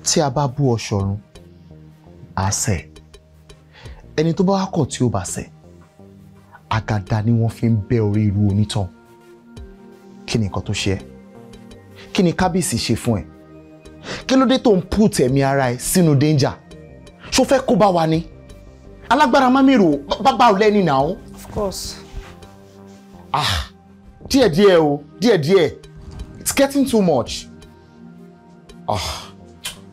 tí a bá bu ọ̀ṣọ̀run àṣẹ ẹni tó bá wá kọ̀ tí ó bá ṣẹ̀ àgàdà ni wọ́n fi ń bẹ́ orí irú onítàn kí ni nǹkan tó ṣe ẹ́ kí ni kábíyèsí ṣe fún ẹ kí ló dé tó ń put ẹ̀mí ara ẹ sínú danger ṣó fẹ́ kó bá wa ni alágbára má mìíràn bàbá ò lẹ́ni nà of course. ah díẹ̀díẹ̀ o díẹ̀díẹ̀ it's getting too much. Ah.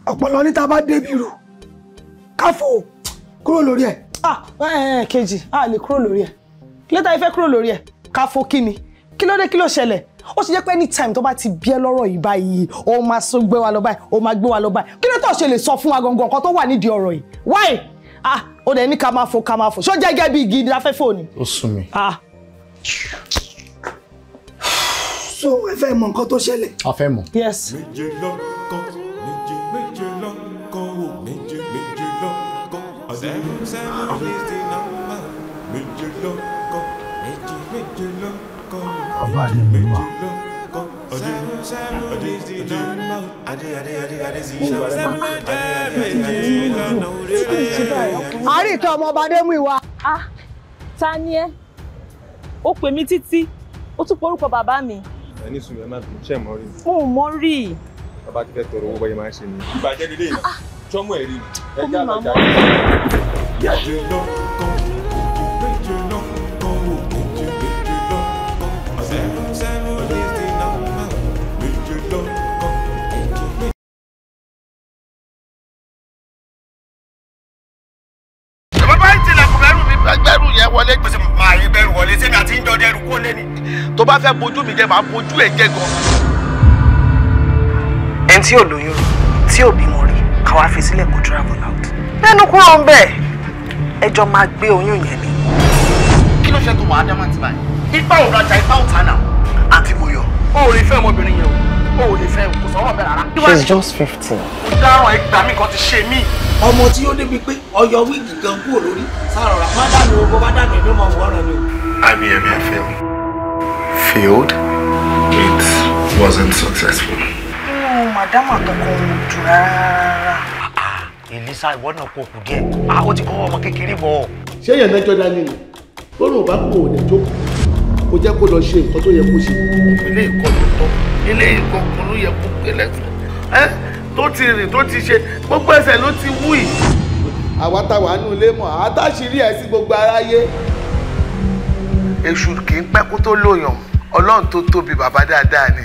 ọ̀pọ̀lọ́ ní tá a bá débi rù káfọ́ kúrò lórí ẹ̀ ah eh, eh, eh, kejì a lè kúrò lórí ẹ̀ kílódé ìfẹ́ kúrò lórí ẹ̀ káfó kí ni kílódé kí ló ṣẹlẹ̀ ó ṣe jẹ́ pé anytime tó bá ti bí ẹ lọ́rọ̀ yìí báyìí ó máa so gbé wa lọ báyìí ó máa gbé wa lọ báyìí kí ló tó ṣe lè sọ fún wa gangan nǹkan tó wà nídìí ọ̀rọ̀ yìí why ah ó dẹ̀ ní ká máa fò ká máa fò ṣó jẹ́ gẹ́gẹ́ bí igi afẹ́fẹ́ òní. ó sùn mí. ah *sighs* so ẹ fẹ́ mọ nǹkan tó ṣẹlẹ̀. a fẹ́ mọ̀. yes. méje lọ́kọ́. Seven seven is ìwà. Ah, ta ni ẹ́? Ó pè mí títí, ó tún porúkọ bàbá mi. Ẹ ní sùn yẹn má bínú, ṣé ẹ mọ̀ rí? Mo mọ̀ rí. Bàbá ti fẹ́ tọrọ owó bọ́yẹ máa ń ṣe ni. Ìbàjẹ́ lílé yìí. Ah, tọ́mú ẹ̀ rí ẹja lọ́jà yìí. wọlé gbèsè máa yí bẹ́rù wọlé sẹ́mi àti ń dẹ́rù kó lé ní. tó bá fẹ́ bojú mi jẹ màá bojú ẹ̀ jẹ gan. ẹni tí ò lóyún tí ò bímọ àwa fi sílẹ̀ kó travel out. lẹ́nu kúrò ń bẹ̀ ẹjọ́ máa gbé oyún yẹn ni. kí ló ṣe tó wàá dá màtí báyìí ipa ò rajà ipa ò tánà àti mo yọ. o ò lè fẹ́ ọmọbìnrin yẹn o ò lè fẹ́ kò sọ̀rọ̀ bẹ́ẹ̀ rárá. she is just fifteen. ó dáràn ẹgbàá mi kan ti ṣe mí. ọmọ tí ó débi pé ọyọ wíìgì gan kúrò lórí sáárọ̀ rà má dànù owó bá dànù ẹ̀mí ọmọ wọ́ọ̀rọ̀ ni. IBM FM failed it wasn't successful madam àtọkọ òun dùn Elisa ìwọ náà kò kù díẹ̀ ah, ó ti kọ́ ọmọ kékeré bọ̀. ṣé yẹn náà jọdá ni ni lọ́nà ò bá kú òun ẹ̀jọ́ kò jẹ́ kó lọ ṣe nǹkan tó yẹ kó ṣe. ilé ìkọ́ to tọ́ ilé ìkọ́ kan ló yẹ kó gbélé fún ẹ tó ti rìn tó ti ṣe gbogbo ẹsẹ̀ ló ti wú yìí. àwa táwa nù ilé mọ̀ àtàṣírí ẹ̀ sí gbogbo aráyé. èṣù kì í pẹ́ kó tó lóyàn ọlọ́run tó tóbi bàbá dáadáa ni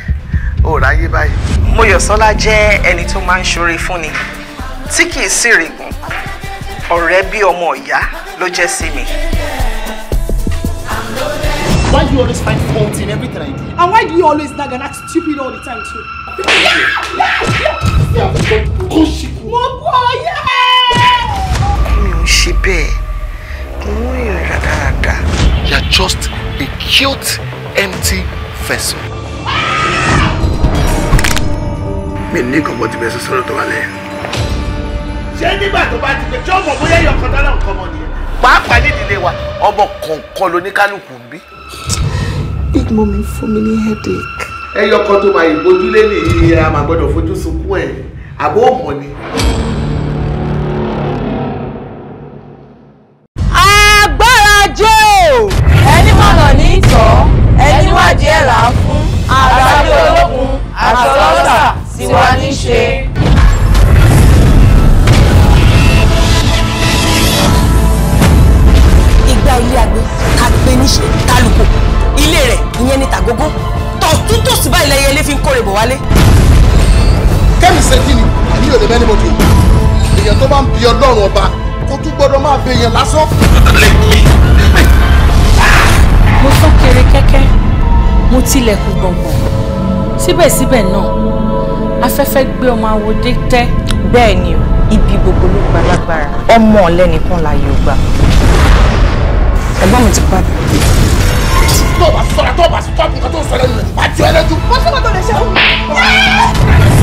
ó ráyé báyìí. Mọ́yọ̀sọ́lá jẹ́ ẹni tó máa ń ṣoore fúnni tí kì í sì rìgùn ọ̀rẹ́ bí ọmọ ìyá ló jẹ́ sí mi. Why do you always find fault in everything I do? And why do you always nag and act stupid all the time too? Mo gbọ́ yẹ́. Mi ò ṣe bẹ́ẹ̀, mo ń rìn rádaràda. You are just a cute empty vessel. mi ní kọ̀kọ́ ti bẹ̀rẹ̀ sọ̀rọ̀ tó wà lẹ́yìn. ṣé nígbà tó bá ti pé tí ọmọ bóyá ìyọ̀ kan dáná nǹkan mọ̀ nìyẹn. pàápàá nídìílé wa ọmọ kọ̀ọ̀kan lóníkálukú ń bí. big mummy fún mi ní headache. ẹyọ kan tó máa ìbojúlé nìyí a máa gbọ́dọ̀ fojú sunkún ẹ àbó mọ ni. ọ̀rùn ọba kó tún gbọ́dọ̀ máa bẹ èèyàn lásán. mo sọ kéré kẹ́kẹ́ mo tilẹ̀kùn gbọ̀ngbọ̀n síbẹ̀síbẹ̀ náà afẹ́fẹ́ gbé ọmọ awodé tẹ́ bẹ́ẹ̀ ni o ibi gbogbo ló gba lágbára ọmọ ọ̀lẹ́nìkan láàyè ò gbà ẹ̀gbọ́n mi ti pa mi. tó o bá sọ̀rọ̀ tó o bá sọ̀rọ̀ nǹkan tó ń sọ̀rọ̀ nínú ìpàdé ẹlẹ́jú. wọ́n sábà tó lè ṣe é.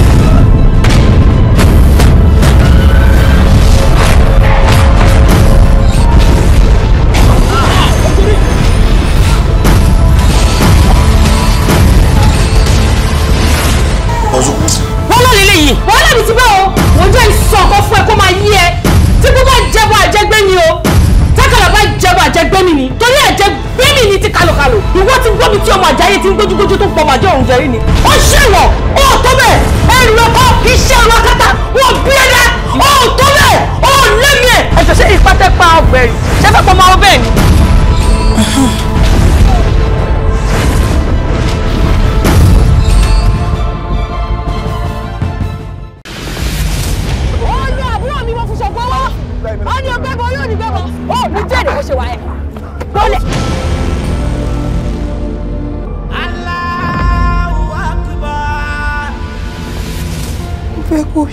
náà lélẹ̀ yìí. wàhálà mi ti bá o mo jẹ́ ìsọ̀kan fún ẹ kó máa yí ẹ tí bó bá jẹ́bọ̀ àjẹgbé ni o tákàlà bá jẹ́bọ̀ àjẹgbé mi ni torí àjẹgbé mi ni ti kalokalo ìwọ ti gbọ́ mi tí ọmọ àjáyé ti ń gbójúgbójú tó pọ̀ màjọ òun jẹ́rí ni. ó ṣèwọ̀ ó tó bẹ́ẹ̀ ẹrù ọkọ iṣẹ́ ọlọ́kátà wọ́n bí ẹ̀dá ó tó bẹ́ẹ̀ ó lé mi ẹ̀. ẹ̀sọ̀ ṣe ìpàtẹ́pà ọ̀gbẹ̀rì ṣẹ́fẹ́ pọ̀ máa bẹ́ẹ̀ ni.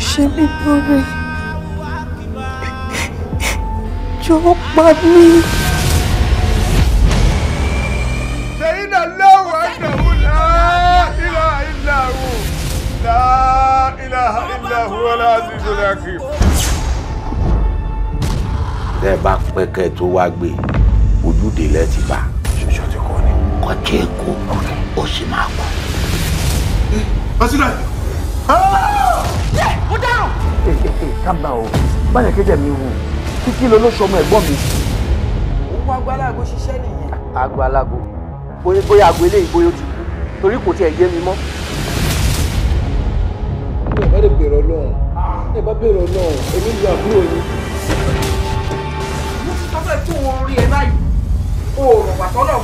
ṣe mí lóore jọ̀ọ́ pa mí. ṣèyí náà lọ́wọ́ ẹ̀dẹ̀wò láìlà ìlà wò láìlà ìlà wò láti ṣọlá kì. tẹ́ ẹ bá pẹ́kẹ́ tó wá gbé ojúde lẹ́ bá. ṣoṣo ti kọ́ ni. kọjá èkó ó sì máa kú. ọsùn náà kábà o báyọ̀ kéjẹ̀ mi wù kíkí ló ló ṣọmọ ẹ̀gbọ́n mi. òun agbálago ṣiṣẹ́ nìyẹn. agbálago bóyá aago eléyìí bóyá ó ti kú torí kò tiẹ̀ yé mi mọ́. bí ẹ bá lè bèrè ọlọ́run bí ẹ bá bèrè ọlọ́run èmi lu àbúrò yín. mo ti sọ pé tó wọn rí ẹ báyìí oòrùn pàtọ́ náà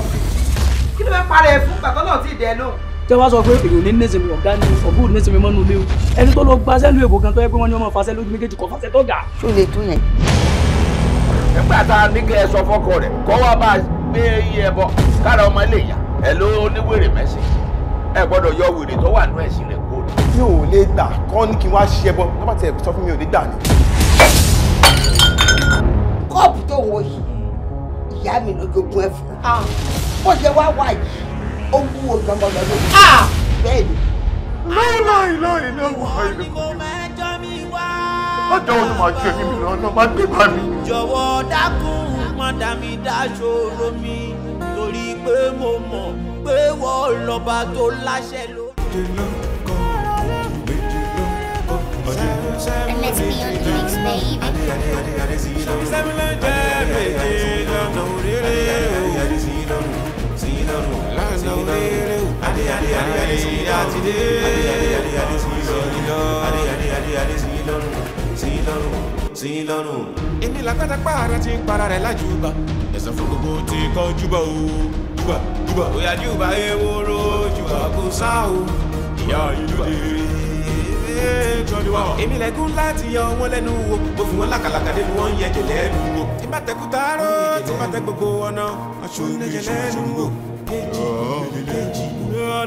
kí ló fẹ́ parẹ́ fún pàtọ́ náà ti dẹ̀ lóhùn tẹ wá sọ pé èèyàn ní nẹ́sẹ̀ mi ọ̀gá ni ọ̀gbọ́n ò nẹ́sẹ̀ mi mọ́nu mi o ẹni tó lọ gba sẹ́lu èbò gan tó yẹ pé wọ́n ní ọmọ fasẹ́ lójú méjèèjì kọ́ fasẹ́ tó ga. tó lè tún yẹn. nígbà tá a ní kẹ́ ẹ sọ fọ́kọ rẹ̀ kọ́ wa bá a gbé iye ẹbọ kára ọmọ ilé ìyá ẹ ló níwèrè mẹ́sìn ẹ gbọ́dọ̀ yọ wèrè tó wà nú ẹ̀sìn rẹ̀ kó ni. mi ò lè gbà kọ́ ni kí n wá ṣe ẹbọ tó bá tiẹ̀ sọ fún mi ò lè gbà ni. kọ́ọ̀pù tó wọ yìí ìyá ó wúwo gbàngbàngbà lórí. bẹ́ẹ̀ ni. láìláì láì lọ́wọ́ àìlè kò ní. má jẹ́ wọn ló máa jẹ mí lọ náà má gbé bá mi. jọ̀wọ́ dákun má mi dá mi torí pé mo mọ̀ pé wọ́n lọ́ba tó láṣẹ lórí. let's be on the mix, baby lọ rere o adé adé adé adé sí i láti dé adé adé adé adé sí i lọ adé adé adé adé èmi làgbàdà pààrà ti ń para rẹ̀ lájúbà ẹ̀sán fún gbogbo ti kọ́ júbà o júbà júbà òyà júbà ewúro júbà kò sá o ìyá ìlú dèrè èmi lẹ́gùn láti yọ wọn lẹ́nu wo mo fi wọn làkàlàkà débi wọn yẹ jẹ lẹ́nu wo. tí bá tí bá gbogbo ọ̀nà aṣọ ìnẹjẹ lẹ́nu wo. méje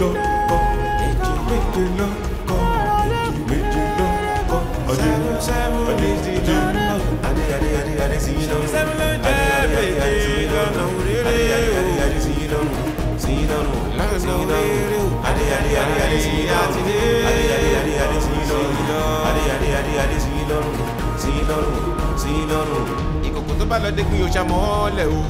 lọ́kọ̀ lọ́rùn sí lọ́rùn sí lọ́rùn. ìkòkò tó bá lọ dé pín oṣà mọ́lẹ̀ o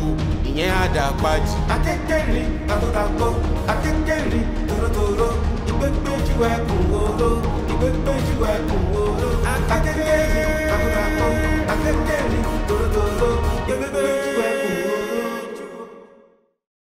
ìyẹn á dà pàjì. akékèrè takotako akékèrè torotoro ìgbẹ́gbẹ́jú ẹkùn oró ìgbẹ́gbẹ́jú ẹkùn oró. akékèrè takotako akékèrè torotoro ìgbẹ́gbẹ́jú ẹkùn oró.